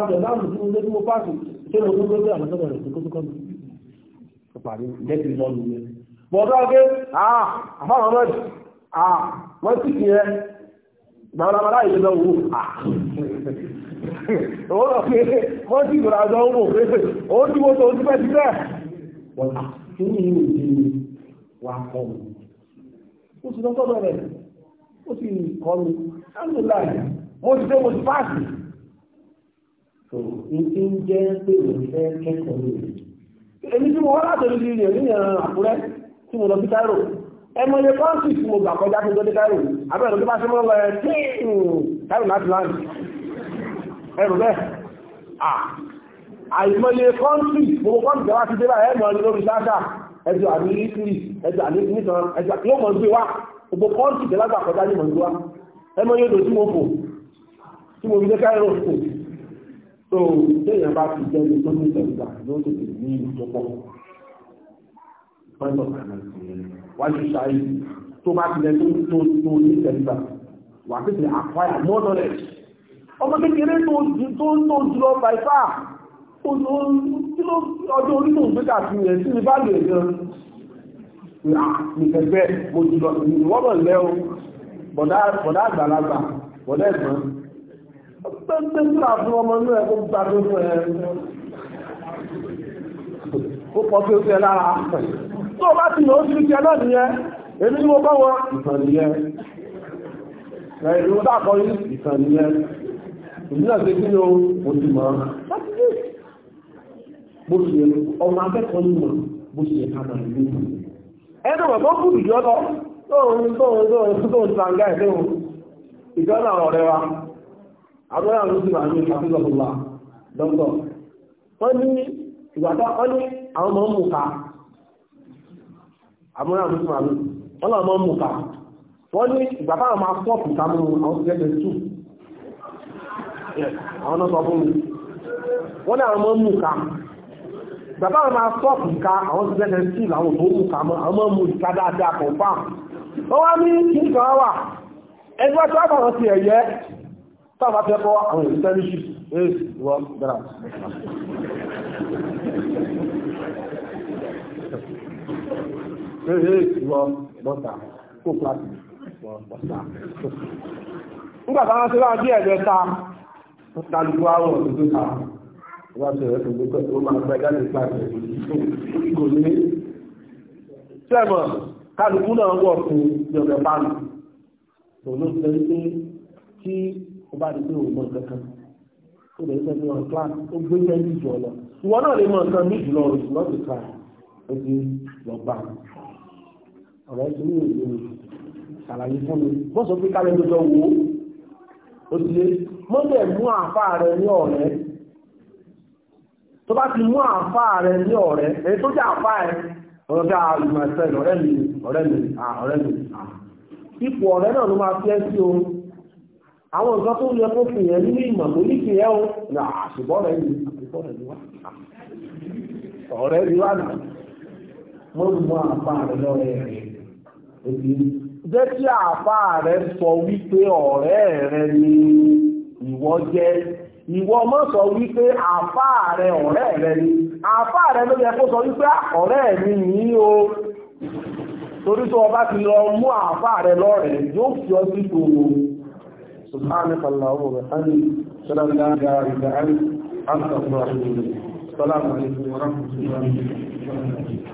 a ó wọ́n sì rà lọ ń wò pé ó dúró tó dúpẹ́ síbẹ̀ ah, wọ́n á kí ní ìwé ìdí wa kọ́ mi ó sì lọ́sọ́ bẹ̀rẹ̀ ó sì kọ́ mi alhamdulillah mo ti dé mo ti páàsì tó ní tí ń jẹ́ pé mo fẹ́ kẹ́kọ̀ọ́ mi èmi tí mo wá látọ̀lú ti rìn ní ẹ̀rọ eh, àkúrẹ́ tí mo lọ sí Cairo ẹmọ ilé kọ́ńtì tí mo gbà kọjá tó dé Cairo abẹ́rẹ́ tó bá ṣe mọ́ lọ ẹ̀ eh, tí hmm, Cairo ẹrù bẹ́ẹ̀ àìmọye kọ́ńtì gbogbo kọ́ńtì wá ti dé báyìí ẹ̀mọ̀ lórí sáàdà ẹjọ́ àní ìtìrì ẹjọ́ àní nìkan ẹjọ́ yóò mọ̀ gbé wá gbogbo kọ́ńtì jẹ́ lágbà kọjá ní mọ̀ gbé wá ẹmọ̀ yóò dò tí mo fò tí mo fi dé káyọ̀ fò tó téèyàn bá ti jẹ́ ní tó ní ìgbà yóò tètè ní ìjọpọ̀ pẹ́lú wájú ṣáyé tó bá ti lẹ́ tó ní ìgbà wà á tètè acquire more knowledge ọmọ kékeré tó ń tó jùlọ bàìfà ọjọ́ orí tó ń gbé kàfin rẹ̀ sí ibá lè gan nìkẹgbẹ́ mo jùlọ ìwọ́bọ̀ lẹ́ o bọ̀dá àgbàlagbà bọ̀dá ẹ̀gbọ́n pẹ́ntẹ́ntà fún ọmọ inú ẹ̀ kó gbà tó fún ẹ̀ ó pọ̀ tó fẹ́ lára tó bá ti yóò sí jẹ náà nìyẹn èmi ni mo bá wọn ìtàn nìyẹn ìlú àti kí ni o ti mọ̀ bó ṣe ọmọ akẹ́kọ̀ọ́ ní mọ̀ bó ṣe ká máa ní mọ̀. ẹnu kú ìjọ lọ tóun tóun tóun àwọn náà sọ fún mi wọ́n náà mọ́ mú ká bàbá wọn máa sọ́ọ̀pù ká àwọn ti lẹ́sẹ̀ sí àwọn tó mú ká mọ́ àwọn mú ká dáadáa kọ̀ fà wọ́n wá ní kìí kan wà ẹgbẹ́ tó wà ti ẹ̀yẹ táwọn fẹ́ kọ́ àwọn ìtẹ́lẹ́sì èyí wọ́n dára nígbàtà wọn ṣe láwọn bí ẹ̀ẹ́dẹ́ta kálukú àwọn òṣèlú ká wọ́n ti rẹ̀ tòun pé ó máa gbẹ́ jáde pàṣẹ kò ní. sẹ́mọ̀ kálukú náà wọ̀ fún ìjọba pàmò òun ló fẹ́ pé kí o bá di pé òun mọ̀ kankan ó lè fẹ́ fi hàn class ó gbé jẹ́lí jù ọ lọ ìwọ náà lè mọ̀ nǹkan ní jùlọ oṣù lọ́sùn ká o ti lọ bá ọ̀rọ̀ ẹ̀ ti ní ìlú ṣàlàyé fún mi wọ́n pé kálẹ̀ ló jọ wò ó òtìlé mọ́lẹ̀ mú àfá rẹ̀ ní ọ̀rẹ́ tó bá ti mú afa rẹ̀ ní ọ̀rẹ́ èyí tó jẹ́ àfá ẹ̀ ọ̀rọ̀dá ah, ìmọ̀ẹ̀fẹ́ ọ̀rẹ́ mi ọ̀rẹ́ mi ah, ọ̀rẹ́ mi ah. ọ̀rẹ́ o o yaa mi jẹ́ kí àbá rẹ̀ sọ wípé ọ̀rẹ́ rẹ̀ ni ìwọ jẹ́ ìwọ mọ́ sọ wípé àbá rẹ̀ ọ̀rẹ́ rẹ̀ ni àbá rẹ̀ ló yẹ kó sọ wípé ah, ọ̀rẹ́ mi yìí o torí tó ọba ti lọ mú àbá rẹ̀ lọ́rẹ̀ yóò fi ọ sí gbogbo سبحانك اللهم وبحمدك اشهد ان لا اله الا انت استغفرك